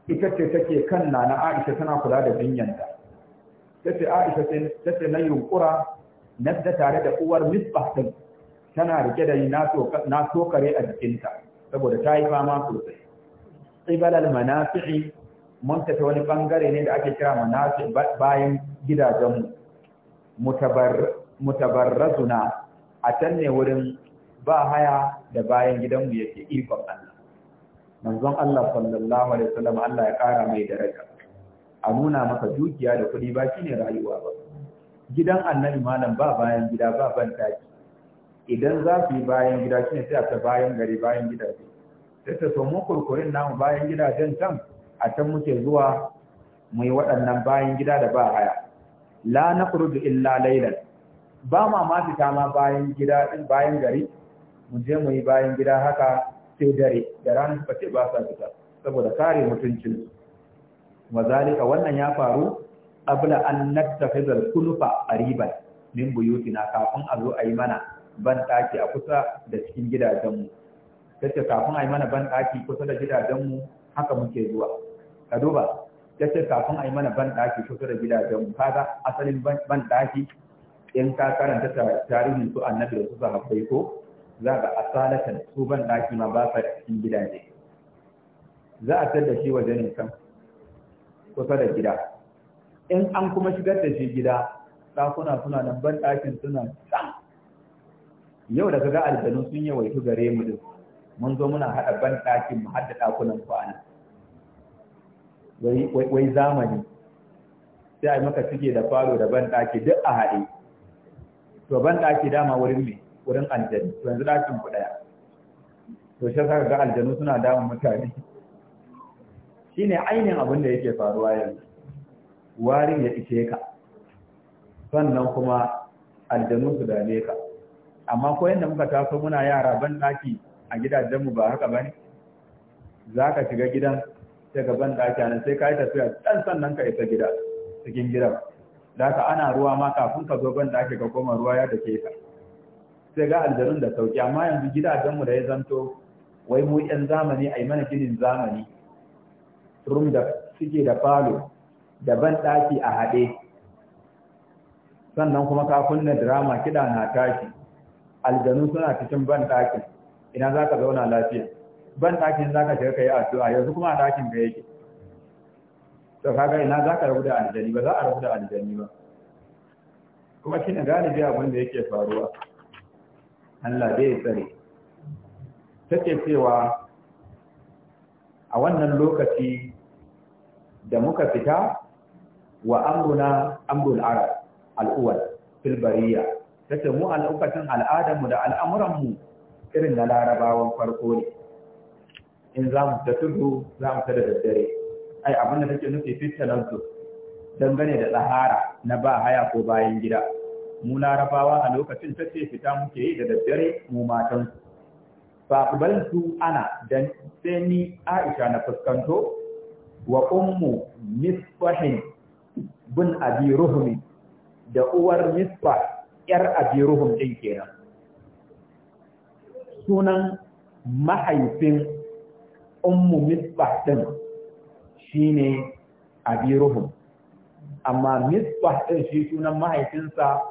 Speaker 1: ita ce take kan nana Aisha tana kula da jinyanta tace Aisha tace na yunkura na da tare da uwar misbah din tana rike da na kare a jikinta saboda ta yi fama sosai al manafi'i mun ta wani bangare ne da ake kira manafi bayan gidajenmu mutabarrazuna a can ne wurin ba haya da bayan gidanmu yake ikon Allah manzon Allah sallallahu alaihi wasallam Allah ya kara mai daraja a nuna maka dukiya da kuɗi ba shine rayuwa ba gidan annabi malam ba bayan gida ba ban taki idan za su yi bayan gida shine sai ta bayan gari bayan gidaje sai ta so mu kurkurin namu bayan gidajen can a can muke zuwa mu yi waɗannan bayan gida da ba haya la nakhruju illa laylan ba ma ma fita ma bayan gida bayan gari mu je mu yi bayan gida haka sai dare da ranar ba ce ba sa fita saboda kare mutuncin mazalika wannan ya faru abla an nattakhidha kulfa qariban min buyutina kafin a zo a yi mana ban daki a kusa da cikin gidajenmu kafin a yi mana ban kusa da gidajenmu haka muke zuwa ka duba ya ce kafin a yi mana banɗaki kusa da gidajenmu kaga asalin banɗaki in ka karanta tarihin su annabi da su sahabbai ko za ga asalatan su banɗaki ma ba sa cikin gidaje za a tar da shi waje ne kan kusa da gida in an kuma shigar da shi gida ɗakuna suna nan banɗakin suna can yau da kaga aljanu sun yawaitu gare mu din mun zo muna haɗa banɗakin mu haɗa ɗakunan kwana wai zamani sai a yi maka suke da falo da ban ɗaki duk a haɗe to ban ɗaki dama wurin me wurin aljanu to yanzu ɗakin ku ɗaya to shi saka ga aljanu suna damun mutane shine ainihin abin da yake faruwa yanzu warin ya ishe ka sannan kuma aljanu su dame ka amma ko yadda muka taso muna yara ban ɗaki a gidajenmu ba haka ba ne za ka shiga gidan sai ka da ake nan sai ka yi tafiya dan sannan ka isa gida cikin gida da ka ana ruwa ma kafin ka zo ban ake ka koma ruwa ya dake ka sai ga aljarin da sauki amma yanzu mu da ya zanto wai mu yan zamani ai mana ginin zamani rum da suke da falo da ban ɗaki a haɗe sannan kuma ka kunna drama kiɗa na tashi aljanu suna cikin ban ɗakin, ina za ka zauna lafiya ban ɗakin za ka shiga ka yi addu'a yanzu kuma a ɗakin ka yake to kaga ina za ka rabu da aljani ba za a rabu da aljani ba kuma shi ne galibi abin da yake faruwa Allah bai ya tsare take cewa a wannan lokaci da muka fita wa amruna amrul arab al'uwal fil bariya tace mu al'ukatin al'adarmu da al'amuranmu irin na larabawan farko ne in za mu ta tudu za mu ta da daddare ai abin da take nufi fitalansu dangane da tsahara na ba haya ko bayan gida mu larabawa a lokacin ta fita muke yi da daddare mu matan fa su ana dan sai ni Aisha na fuskanto wa ummu misfahin bin abi ruhmi da uwar misfa yar abi ruhum din kenan sunan mahaifin ummu misbah din shine abiruhu amma misbah din shi sunan mahaifinsa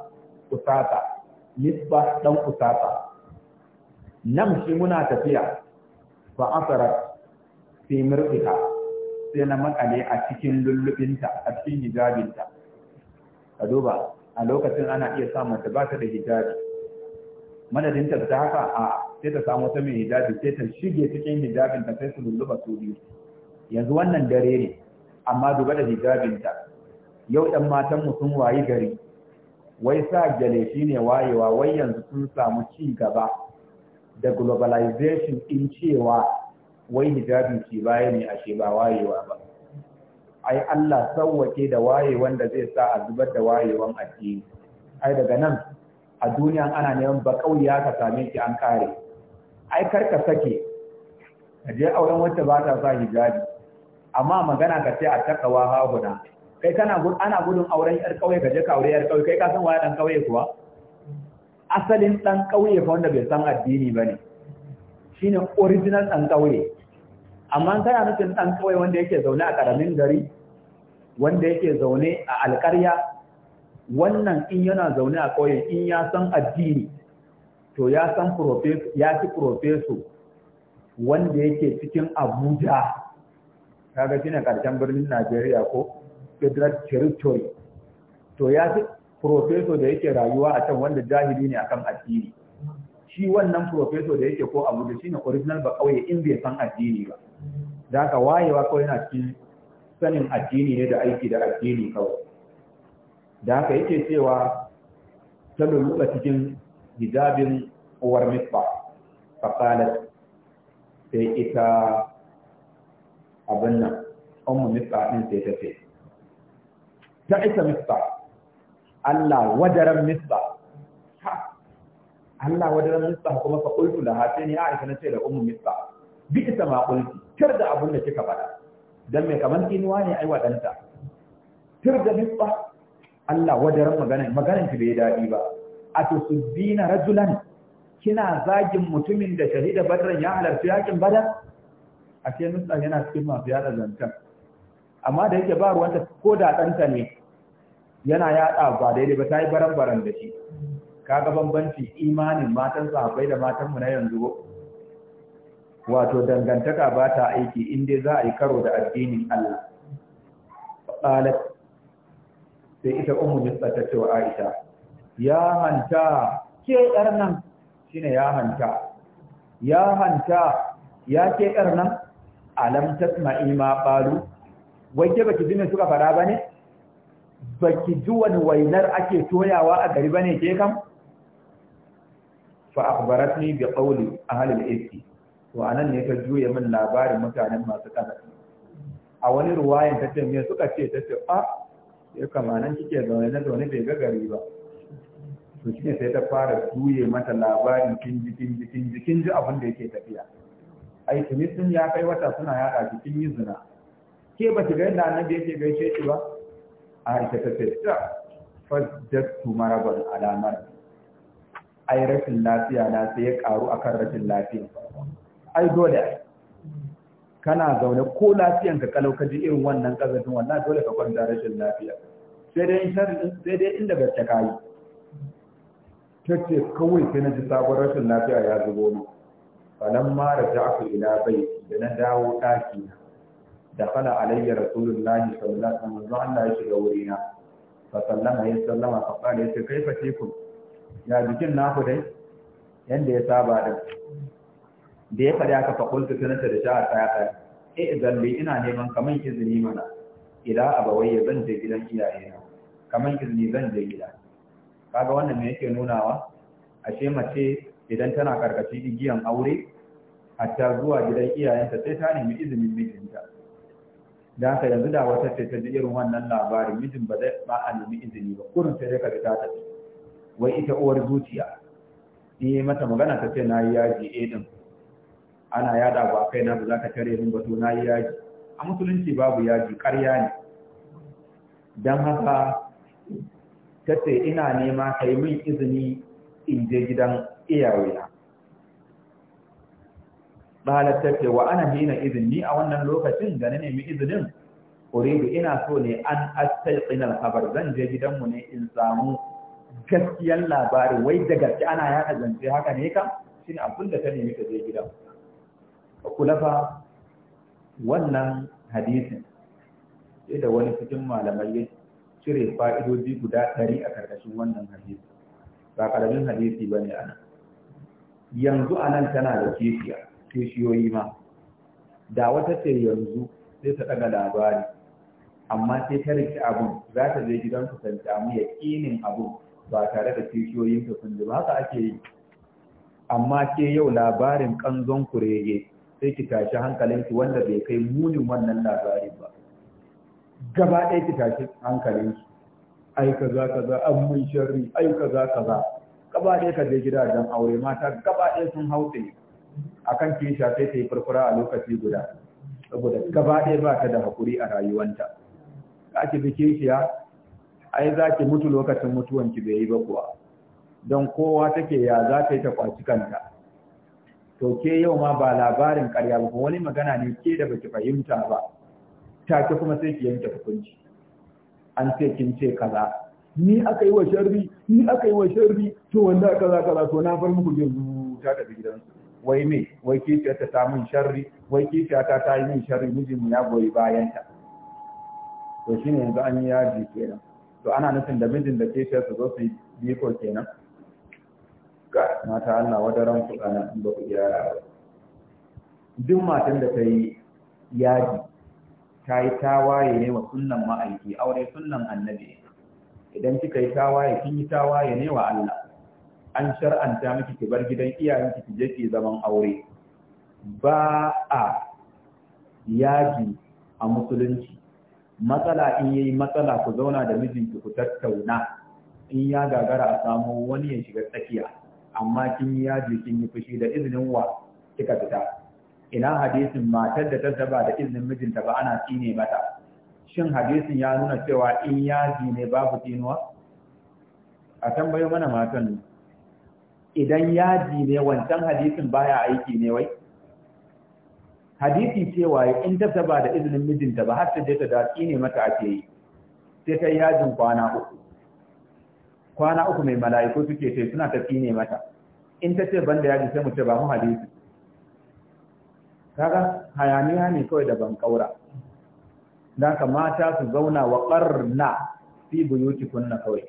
Speaker 1: kusata misbah dan kusata nan shi muna tafiya fa asara fi sai na makale a cikin lullubinta a cikin hijabinta ka duba a lokacin ana iya samun mace ba ta da hijabi madadin ta haka a sai ta samu ta mai hijabi sai ta shige cikin hijabin ta sai su lulluba su biyu yanzu wannan dare ne amma duba da ta yau ɗan matan mu sun wayi gari wai sa gele shi ne wayewa wai yanzu sun samu ci gaba da globalization in cewa wai hijabi ci baya ne ashe ba wayewa ba ai Allah sauwake da wayewan da zai sa a zubar da wayewan addini ai daga nan a duniya ana neman ba kauya ka same ki an kare ai kar sake ka je auren wacce ba ta sa hijabi amma magana ka ce a takawa ha guda kai kana ana gudun auren yar kauye ka je ka aure yar kauye kai ka san waye dan kauye kuwa asalin dan kauye fa wanda bai san addini bane shine original dan kauye amma kana nufin dan kauye wanda yake zaune a karamin gari wanda yake zaune a alƙarya wannan in yana zaune a kauye in ya san addini to ya san ya ci profeso wanda yake cikin abuja kaga shine karshen birnin najeriya ko federal territory to ya ci profeso da yake rayuwa a can wanda jahili ne akan addini shi wannan profeso da yake ko abuja shine original ba kauye in bai san addini ba da haka wayewa kawai yana cikin sanin addini ne da aiki da addini kawai da haka yake cewa ta lulluɓa cikin hijabin uwar misba fasalat sai ita abin nan ummu misba din sai ta ce ta isa misba Allah wadaran misba Allah wadaran misba kuma fa qultu laha sai ni Aisha na ce da ummu misba bi isa ma qulti kar da abin da kika faɗa dan me kaman ne da Allah daɗi ba atusubbina rajulan kina zagin mutumin da shahida badran ya halarci yakin badar a ce nutsa yana cikin masu yada zantar amma da yake ba ruwanta ko da danta ne yana yada ba daidai ba ta yi baran-baran da shi kaga bambanci imanin matan sahabbai da matan mu na yanzu wato dangantaka ba ta aiki in dai za a yi karo da addinin Allah qalat sai ita ummu nisa ta ce wa Aisha ya hanta ke yar nan shine ya hanta ya hanta ya ke yar nan alam tasma'i ma qalu wai ke baki ji suka fara bane baki ji wani wainar ake toyawa a gari bane ke kam fa akhbaratni bi qawli ahli al-ifki to anan ne ta juye min labarin mutanen masu kaza a wani ruwayan ta ce me suka ce ta ce a ah, ya kama nan kike zaune na zaune bai ga gari ba to ne sai ta fara juye mata labarin kin ji kin ji kin ji kin ji abin da yake tafiya ai tuni sun ya kai wata suna yada shi kin yi zina ke ba ki ga yadda annabi yake gaishe shi ba A Aisha ta ce ta faddatu maraban alamar ai rashin lafiya na sai ya karu akan rashin lafiya ai dole kana zaune ko lafiyan ka kalau ka ji irin wannan kazafin wannan dole ka kwanta rashin lafiya sai dai sai dai inda gaske kayi ta ce kawai sai na ji sabon rashin lafiya ya zubo ni falan ma da ta aka ila bai da na dawo ɗaki na da kala alayya rasulullahi sallallahu alaihi wasallam Allah ya shiga wurina fa sallama ya sallama fa qala ya ce kaifa tikum ya bikin naku dai yanda ya saba din da ya faɗi aka faƙulta sanata da sha'ar ta eh e bi ina neman kaman izini mana ila abawai zan je gidan iyayena kaman izini zan je gida kaga wannan me yake nunawa ashe mace idan tana karkashin igiyan aure hatta zuwa gidan iyayenta sai ta nemi izinin mijinta da haka yanzu da wata ce ta ji irin wannan labarin mijin ba zai ba a nemi izini ba kurin sai ka ta tafi wai ita uwar zuciya in yi mata magana ta ce na yi yaji a eh din ana yada ba kai na ba za ka tare min ba to na yi yaji a musulunci babu yaji karya ne don haka ta ce ina nema ka yi min izini in je gidan iyawena balar ta ce wa ana hina izini a wannan lokacin da na nemi izinin uridu ina so ne an astaiqin alkhabar zan je gidanmu ne in samu gaskiyar labari wai da gaske ana yaɗa zance haka ne kam shine abin da ta nemi ka je gidan kula fa wannan hadisin sai da wani cikin malamai cire fa'idoji guda ɗari a ƙarƙashin wannan hadisi ba ƙaramin hadisi ba ne ana yanzu a tana da keshiya keshiyoyi ma da wata ce yanzu sai ta ɗaga labari amma sai ta rike abun za ta je gidan ku san samu ya ƙinin abun ba tare da kishiyoyin ta sun haka ake yi amma ke yau labarin ƙanzon kurege sai ki tashi hankalinki wanda bai kai munin wannan labari ba gaba ɗaya ki tashi hankalin ki ai kaza kaza an mun sharri ai kaza kaza gaba ɗaya ka je gidajen aure mata gaba ɗaya sun hautse akan ki sai ta yi furfura a lokaci guda saboda gaba ɗaya ba ta da hakuri a rayuwanta ka ki bike shi ai za ki mutu lokacin mutuwan ki bai yi ba kuwa don kowa take ya za ta yi ta kwaci kanta to ke yau ma ba labarin karya ba wani magana ne ke da baki fahimta ba take kuma sai ki yanke hukunci an ce kin ce kaza ni aka yi wa sharri ni aka yi wa sharri to wanda kaza kaza to na bar muku yanzu ta tafi gidansu wai me wai kishiya ta min sharri wai kishiya ta ta yi min sharri mijinmu ya goyi bayanta to shine yanzu an yi yaji kenan to ana nufin da mijin da kishiya su zo su yi biko kenan ga mata Allah wadaran ku kana in ba ku gyara ba duk matan da ta yi yaji ta yi tawaye ne wa sunnan ma'aiki aure sunnan annabi idan kika yi tawaye kin yi tawaye ne wa Allah an shar'anta miki ki bar gidan iyayenki ki je ki zaman aure ba a yaji a musulunci matsala in yayi matsala ku zauna da mijinki ku tattauna in ya gagara a samu wani ya shiga tsakiya amma kin yaji kin yi fushi da izinin wa kika fita ina hadisin matar da ta zaba da izinin mijinta ba ana tsine mata shin hadisin ya nuna cewa in yaji ne babu tinuwa a tambayo mana matan idan yaji ne wancan hadisin baya aiki ne wai hadisi cewa in ta zaba da izinin mijinta ba har ta je ta da tsine mata ake yi sai ta yajin kwana uku kwana uku mai mala'iku suke ce suna ta tsine mata in ta ce banda yaji sai mu ce ba mu hadisi kaga hayaniya ne kawai da ban kaura dan ka mata su zauna wa qarna fi kunna kawai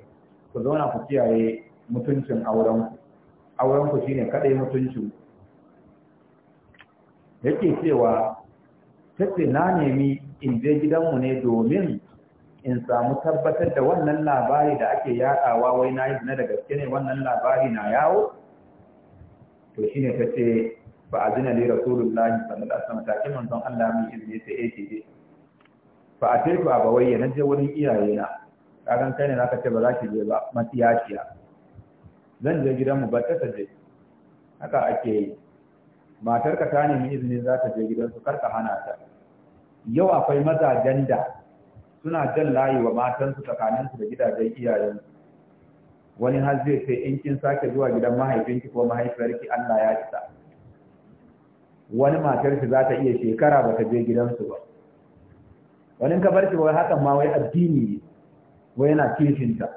Speaker 1: ku zauna ku kiyaye mutuncin auren ku auren ku shine mutuncin yake cewa tace na nemi in je gidanmu ne domin in samu tabbatar da wannan labari da ake yadawa wai na yi na da gaske ne wannan labari na yawo to shine tace fa azina li rasulullahi sallallahu alaihi wasallam take don Allah mai izini ta ake eh, ke fa ataitu abawayya na je wurin iyayena kagan kai ne zaka ce ba za ki je ba matiyaciya zan je gidan mu ba ta je haka ake yi matar ka ta nemi izini za ta je gidan su kar ka hana ta yau akwai mazajen da suna jan layi wa matansu tsakaninsu da gidajen iyayensu wani har zai sai in kin sake zuwa gidan mahaifinki ko mahaifiyarki Allah ya isa wani matar shi za ta iya shekara ba ta je gidansu ba wani ka bar shi wai hakan ma wai addini ne wai yana kishinta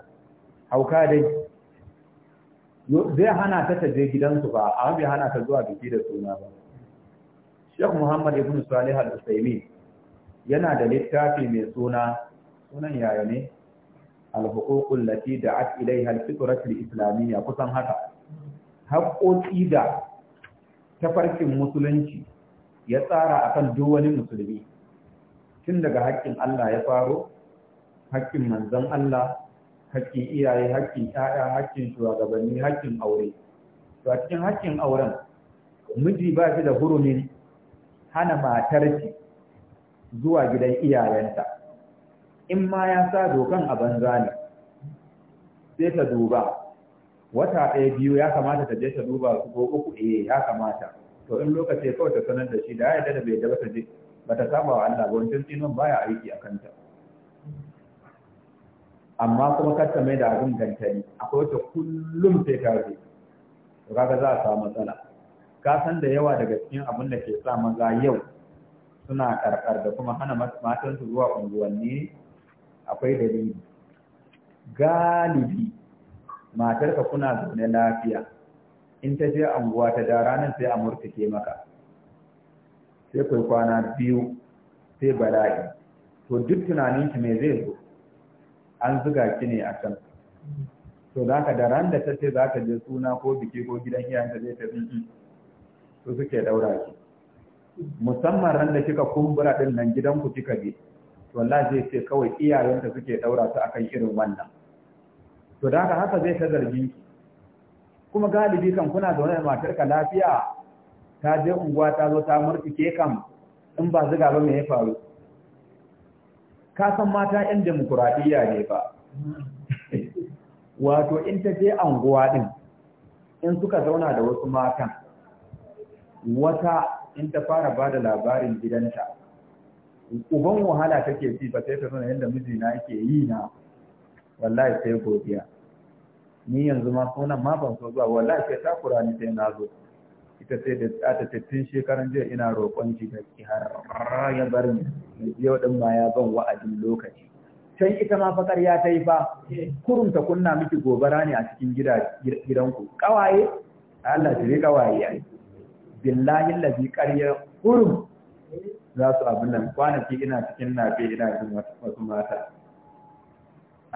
Speaker 1: hauka dai zai hana ta ta je gidansu ba a bai hana ta zuwa biki da suna ba Sheikh Muhammad Ibn Salih Al-Utsaimin yana da littafi mai suna sunan yaya ne al-huququl lati da'at ilaiha al-fitrat al-islamiyya kusan haka haƙoƙi da tafarkin musulunci ya tsara akan duk wani musulmi tun daga haƙƙin Allah ya faro haƙƙin manzon Allah haƙƙin iyaye haƙƙin ƴaƴa haƙƙin shugabanni haƙƙin aure to a cikin haƙƙin auren miji ba shi da hurumin hana matarki zuwa gidan iyayenta in ma ya sa dokan a banza ne sai ta duba wata ɗaya biyu ya kamata ta je ta duba su ko uku eh ya kamata to in lokaci kawai ta sanar da shi da ya da bai da ta je ba ta saba wa Allah ba wancan tsinon baya aiki a kanta amma kuma kar mai da abin gantari akwai wata kullum sai ta je to kaga za a samu matsala ka san da yawa daga cikin abin da ke sa maza yau suna karkar da kuma hana matansu zuwa unguwanni akwai dalili galibi matarka kuna zaune lafiya in ta je anguwa ta da ranar sai a murtuke maka sai kai kwana biyu sai bala'i to duk tunaninki mai zai zo an zuga ki ne a can to za ka da ran da ta ce za ka je suna ko biki ko gidan ta zai ta tsinci to suke daura ki musamman ran da kika kumbura din nan gidanku kika bi to Allah zai ce kawai iyayenta suke daura ta akan irin wannan to da haka zai ta zargi ku. kuma galibi kan kuna da wani matar ka lafiya ta je unguwa ta zo ta murtike kan in ba zuga ba me ya faru ka san mata yan demokuraɗiyya ne ba wato in ta je unguwa din in suka zauna da wasu matan wata in ta fara ba da labarin gidanta uban wahala take ci ba sai ta nuna yadda mijina yake yi na wallahi sai godiya ni yanzu ma sunan ma ban so zuwa wallahi sai ta kura sai na zo ita sai da ta tattin shekaran jiya ina roƙon ki da ki har ya bar ni yau din ma ya ban wa'adin lokaci can ita ma fakar ya ta yi fa kurunta kunna miki gobara ne a cikin gidanku kawaye Allah ta yi kawaye ai billahi lazi ƙarya kurum za su abin nan kwanaki ina cikin nafe ina jin wasu mata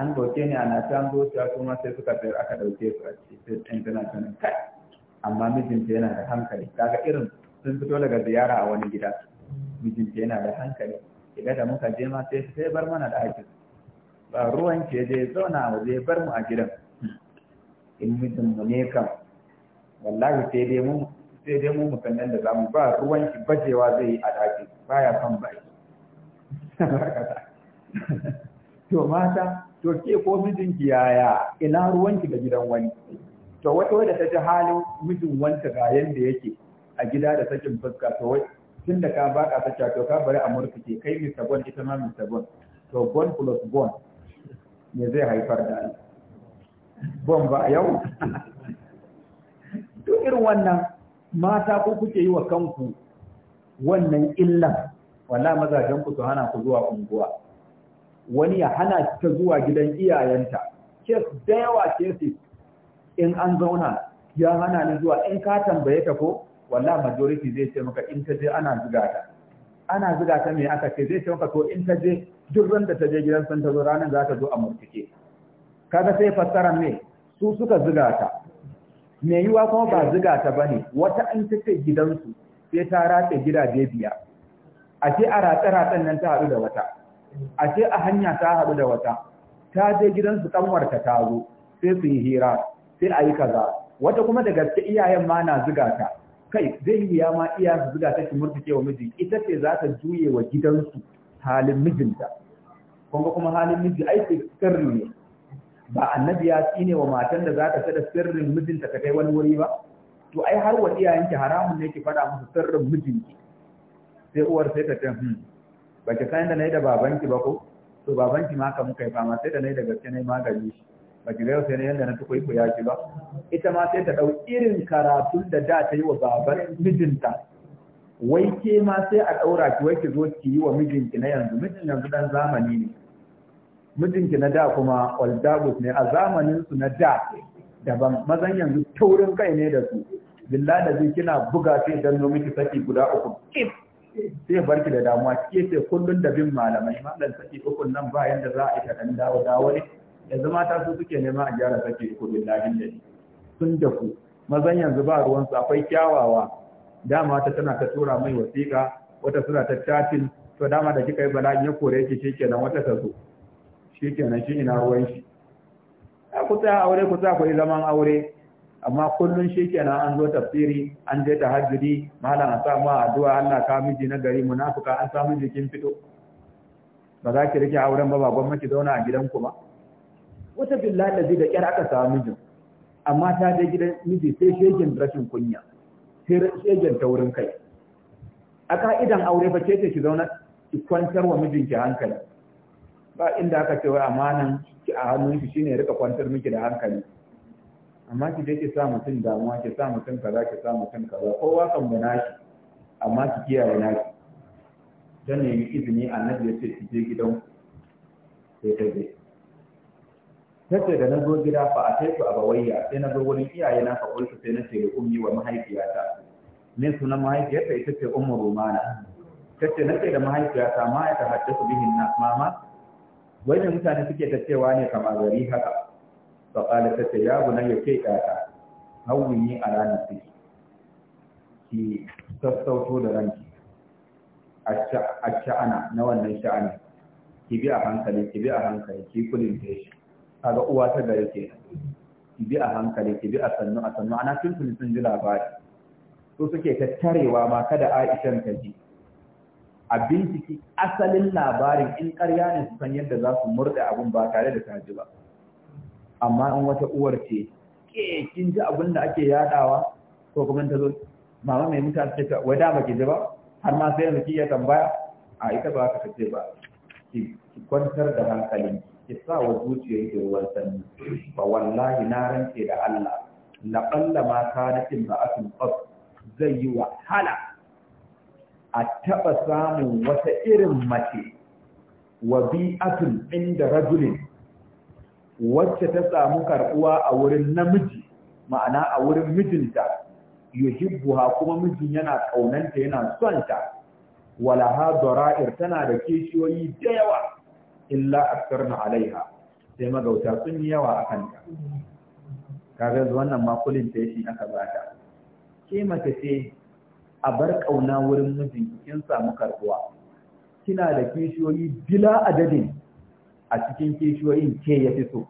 Speaker 1: an dauke ni ana ta zuciya kuma sai suka sayar aka dauke su a cikin tana kai amma mijinta yana da hankali kaga irin sun fito daga ziyara a wani gida mijinta yana da hankali idan da muka je ma sai sai bar mana da ɗakin ba ruwan ke je zauna a waje bar mu a gidan in mijin mu ne kam wallahi sai dai mu sai dai mu mutanen da zamu ba ruwan ki bajewa zai yi a daki baya son baki [laughs] [laughs] to mata to ke ko mijinki yaya ina ruwanki da gidan wani to wata wadda ta ji halin mijin wanta ga yanda yake a gida da sakin fuska to wai tun da ka baka ta cewa to ka bari a murtuke kai mi sabon ita ma mi sabon. to bon plus bon, me zai haifar da bon ba yau [laughs] to irin wannan mata ko kuke yi wa kanku wannan illan wala mazajen ku su hana ku zuwa unguwa wani ya hana ta zuwa gidan iyayenta kes da yawa cases in an zauna ya hana ni zuwa in ka tambaye ta ko wallahi majority zai ce maka in ta je ana zuga ta ana zuga ta me aka ce zai ce maka to in ta je duk ran da ta je gidan san ta zo ranan za ta zo a murtike. kaga sai fassara me su suka zuga ta me yiwa kuma ba zuga ta bane wata an ta ce gidansu sai ta gida gidaje biya a ce a ratse ratsen nan ta haɗu da wata ashe a hanya ta haɗu da wata ta je gidansu kanwarta ta zo sai su yi hira sai a yi kaza wata kuma da gaske iyayen ma na zuga ta kai zai yi ya ma iya su zuga ta ki murtuke wa miji ita ce za ta juye wa gidansu halin mijinta kun kuma halin miji ai sirri ne ba annabi ya tsine wa matan da za ta tada sirrin mijinta ta kai wani wuri ba to ai har wa iyayenki haramun ne ki faɗa musu sirrin mijinki sai uwar sai ta ce hmm ba ki san da na da babanki ba ko to babanki ma ka muka yi fama sai da na yi da gaske na yi magani shi ba ki sai na yadda na tukoi ko yaki ba ita ma sai ta ɗau irin karatun da da ta yi wa baban mijinta wai ke ma sai a daura ki wai ki zo ki yi wa mijinki na yanzu mijin yanzu dan zamani ne mijinki na da kuma oldabus ne a zamanin su na da daban mazan yanzu taurin kai ne da su billahi da kina buga sai dan nomi ki saki guda uku sai barki da damuwa ke ce kullun da bin malamai malam saki uku nan ba yanda za a ita dan dawo dawo ne yanzu mata su suke nema a gyara saki uku billahi da sun da ku mazan yanzu ba ruwan su akwai kyawawa dama ta tana ta tura mai wasiƙa wata suna ta tatin to dama da kika yi bala'in ya kore ki shikenan wata ta zo shikenan shi ina ruwan shi ku tsaya aure ku tsaya ku yi zaman aure amma kullun kenan an zo tafsiri an je hajjudi malam a samu addu'a Allah ka miji na gari munafuka an samu jikin fito ba za ki rike auren ba ba gwamnati zauna a ku ba wata billahi da da kyar aka samu mijin amma ta je gidan miji sai shegen rashin kunya sai shegen taurin kai a ka'idan aure fa ce ki zauna ki kwantar wa mijinki hankali ba inda aka ce wai amanan ki a hannun shi shine rika kwantar miki da hankali amma ki je ki sa mutum damuwa ki sa mutum kaza ki sa mutum kaza kowa kan da nashi amma ki kiyaye nashi dan yi izini annabi ya ce ki je gidan sai ta je sai da na zo gida fa a taiku a bawayya sai na zo wurin iyaye na fa kulta sai na ce da ummi wa mahaifiyata ne suna mahaifiyata ita ce ummu rumana tace na ce da mahaifiyata ma ya tahaddasu bihin na mama wai ne mutane suke ta cewa ne kamar gari haka fa qala ta ya bunayya kai ta, hawwini ala nafsi ki sassauto da ranki a sha'ana na wannan sha'ani ki bi a hankali ki bi a hankali ki kulin shi kaga uwa ta gare ke ki bi a hankali ki bi a sannu a sannu ana tuntuni sun ji labari su suke ta tarewa ma kada Aishan ta ji a binciki asalin labarin in ƙarya ne su san yadda za su murda abun ba tare da ta ji ba amma in wata uwar ce ke kin ji abin da ake yadawa ko kuma ta zo mama mai muta ce wai da ba ki ji ba har ma sai yanzu ya tambaya a ita ba ka ce ba ki kwantar da hankali. ki sa wa zuciyar ki ruwan sanyi Ba wallahi na rance da Allah laqalla ma ba imra'atun qad zai yi wahala a taɓa samun wata irin mace wa bi'atun inda rajulin wacce ta samu karbuwa a wurin namiji ma'ana a wurin mijinta yuhibbuha kuma mijin yana kaunanta yana sonta wala ha dara'ir tana da kishiyoyi da yawa illa aktarna alaiha sai magauta sun yi yawa a kanta kaga wannan makulin ta yi aka bata ke mace ce a bar ƙauna wurin mijin kin samu karbuwa kina da kishiyoyi bila adadin a cikin kishiyoyin ke ya fi so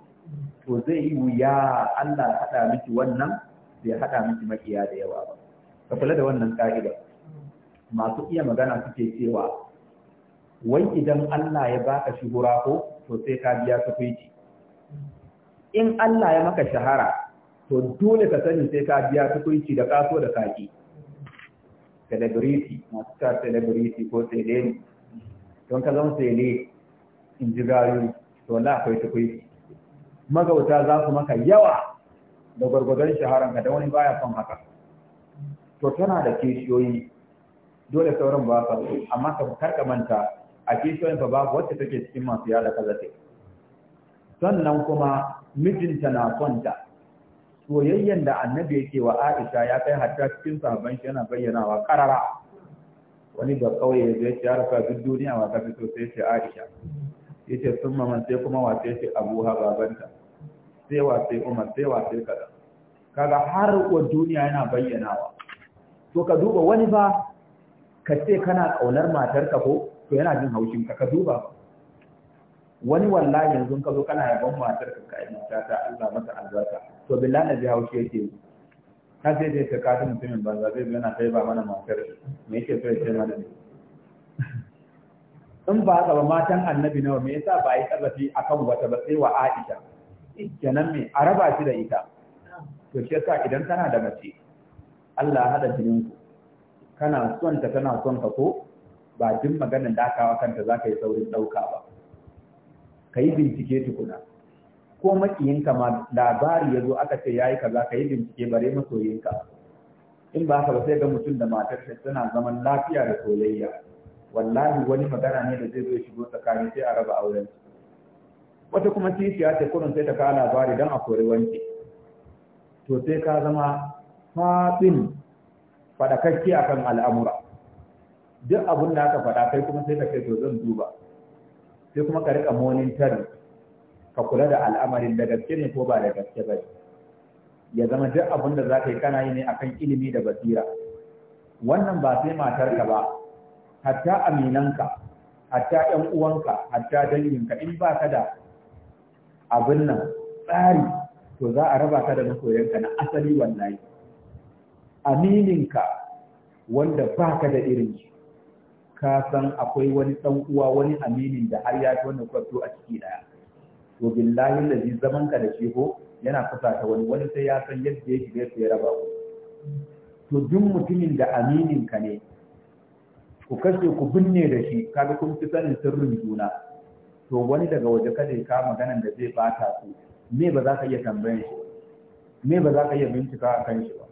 Speaker 1: to zai yi wuya Allah ya haɗa miki wannan zai haɗa miki makiya da yawa ba ka kula da wannan ka'ida masu iya magana suke cewa wai idan Allah ya baka shuhura ko to sai ka biya tukuici in Allah ya maka shahara to dole ka sani sai ka biya tukuici da kaso da kaki celebrity masu ta celebrity ko seleni don ka zama sele in ji gari to wallahi akwai ta tukui magauta za su maka yawa da gwargwadon shaharan ka da wani baya son haka to tana da kishiyoyi dole sauran ba so, amma ka karka manta a kishiyoyin fa babu wacce take cikin masu yada ce. sannan kuma mijinta na kwanta. soyayyan soyayyen da annabi yake wa Aisha ya kai hatta cikin sahabban shi yana bayyanawa karara wani da kauye ya zai ya ka duk duniya wa kafi fito sai ce Aisha yace sun mamance sai kuma wace ce abu babanta sai wace umar sai wace kada kaga har wa duniya yana bayyanawa to ka duba wani ba ka ce kana kaunar matarka ko to yana jin haushin ka ka duba wani wallahi yanzu ka zo kana yabon matarka ka yi ta Allah mata albarka to billahi na ji haushi yake ka sai dai ta mutumin banza zai yana kai ba mana matar me yake so ya ce mana in ba haka ba matan annabi nawa me yasa ba yi a akan wata ba sai wa Aisha kenan me a raba shi da ita to shi yasa idan tana da mace Allah hada jinin ku kana son ta kana son ka ko ba duk maganar da aka kanta zaka yi saurin ɗauka ba kai bincike tukuna ko makiyinka ma labari ya zo aka ce yayi kaza ka yi bincike bare masoyinka in ba haka ba sai ga mutum da matar tana zaman lafiya da soyayya wallahi wani magana ne da zai zo shigo tsakani sai a raba auren wata kuma kishiya ce kurin sai ta kawo labari don a kori wanke. to sai ka zama fatsin faɗakakke akan al'amura duk abin da aka faɗa kai kuma sai ka kai to zan duba sai kuma ka riƙa monitoring ka kula da al'amarin da gaske ne ko ba da gaske ba ya zama duk abin da za ka yi kana yi ne akan ilimi da basira wannan ba sai matarka ba hatta aminanka hatta ‘yan uwanka hatta danginka in ba ka da abin nan tsari to za a raba ka da masoyanka na asali wallahi amininka wanda ba ka da irin shi ka san akwai wani ɗan uwa wani aminin da har ya fi wannan kwato a ciki ɗaya to billahi lazi zaman ka da shi ko yana kusa ta wani wani sai ya san yadda ya shiga ya raba ku to duk mutumin da aminin ka ne ku kashe ku binne da shi kaga kun fi sanin sirrin juna to wani daga waje kada ya kawo maganan da zai bata ku me ba za ka iya tambayan shi me ba za ka iya bincika a kan shi ba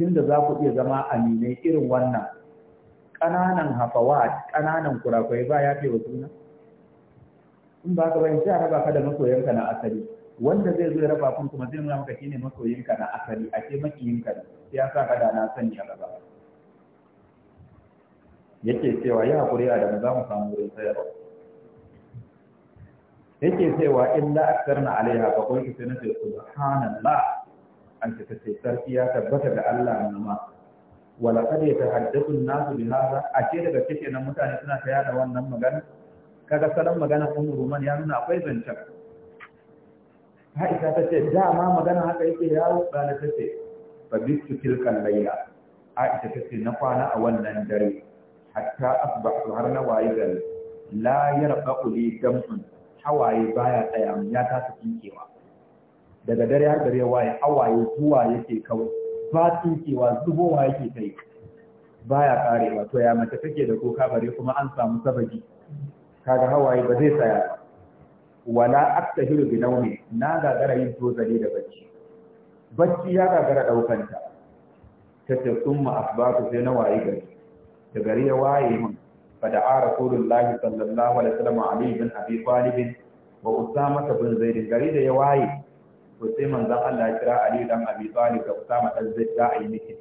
Speaker 1: tunda za ku iya zama aminai irin wannan ƙananan hafawat ƙananan kurakurai ba ya fi wa juna in ba ka bayan sai a raba ka da masoyanka na asali wanda zai zo ya raba kun kuma zai nuna maka shine masoyinka na asali a ce makiyinka ne sai ya sa ka da na sani a gaba yake cewa ya haƙuri a daga za mu samu wurin sayarwa yake cewa illa aksar na alaiha ba kwanci sai na ce subhanallah an ce ta ce sarki ya tabbata ga Allah na ma wala kada ya tahaddathu an-nasu bi hadha a ce daga kike nan mutane suna ta yada wannan magana kaga salon magana kun ruman ya nuna akwai zancen
Speaker 2: Aisha ta ce dama
Speaker 1: magana haka yake yawo ɗana ta ce fa bisu tilkan laila Aisha ta ce na kwana a wannan dare hatta asbahu har na waye gari la yarqa li dam'un hawaye baya tsaya ya tasa kinkewa daga dare har dare waye hawaye zuwa yake kawai ba kinkewa zubowa yake kai baya karewa to ya mace take da kuka bare kuma an samu sabaji kaga hawaye ba zai tsaya wala aktahiru bi nawmi na gagara yin tozali da bacci bacci ya gagara daukanta ta ce sun ma asbatu sai na waye gari da gari ya waye min, mun fada'a rasulullahi sallallahu alaihi wasallam ali bin abi talib wa usama bin zaid gari da ya waye to sai manzon Allah ya kira ali dan abi talib da usama dan zaid da ayi miki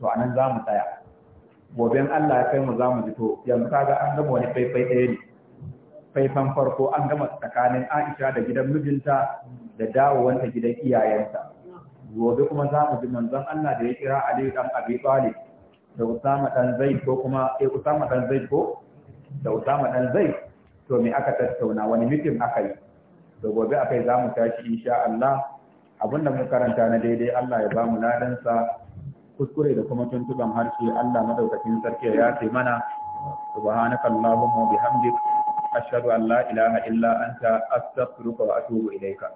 Speaker 1: to anan za mu tsaya goben Allah ya kai mu za mu ji to yanzu kaga an gama wani faifai ɗaya ne faifan farko an gama tsakanin Aisha da gidan mijinta da dawowanta gidan iyayenta gobe kuma za mu ji manzon Allah da ya kira Ali dan Abi Talib da Usama dan Zaid ko kuma eh Usama dan Zaid ko da Usama dan Zaid to me aka tattauna wani mitin aka yi to gobe akai za mu tashi insha Allah abinda mun karanta na daidai Allah ya bamu ladan sa kuskure da kuma tuntuban harshe Allah madaukakin sarki ya ce mana subhanakallahumma bihamdik ashhadu an la ilaha illa anta
Speaker 2: astaghfiruka wa atubu ilaika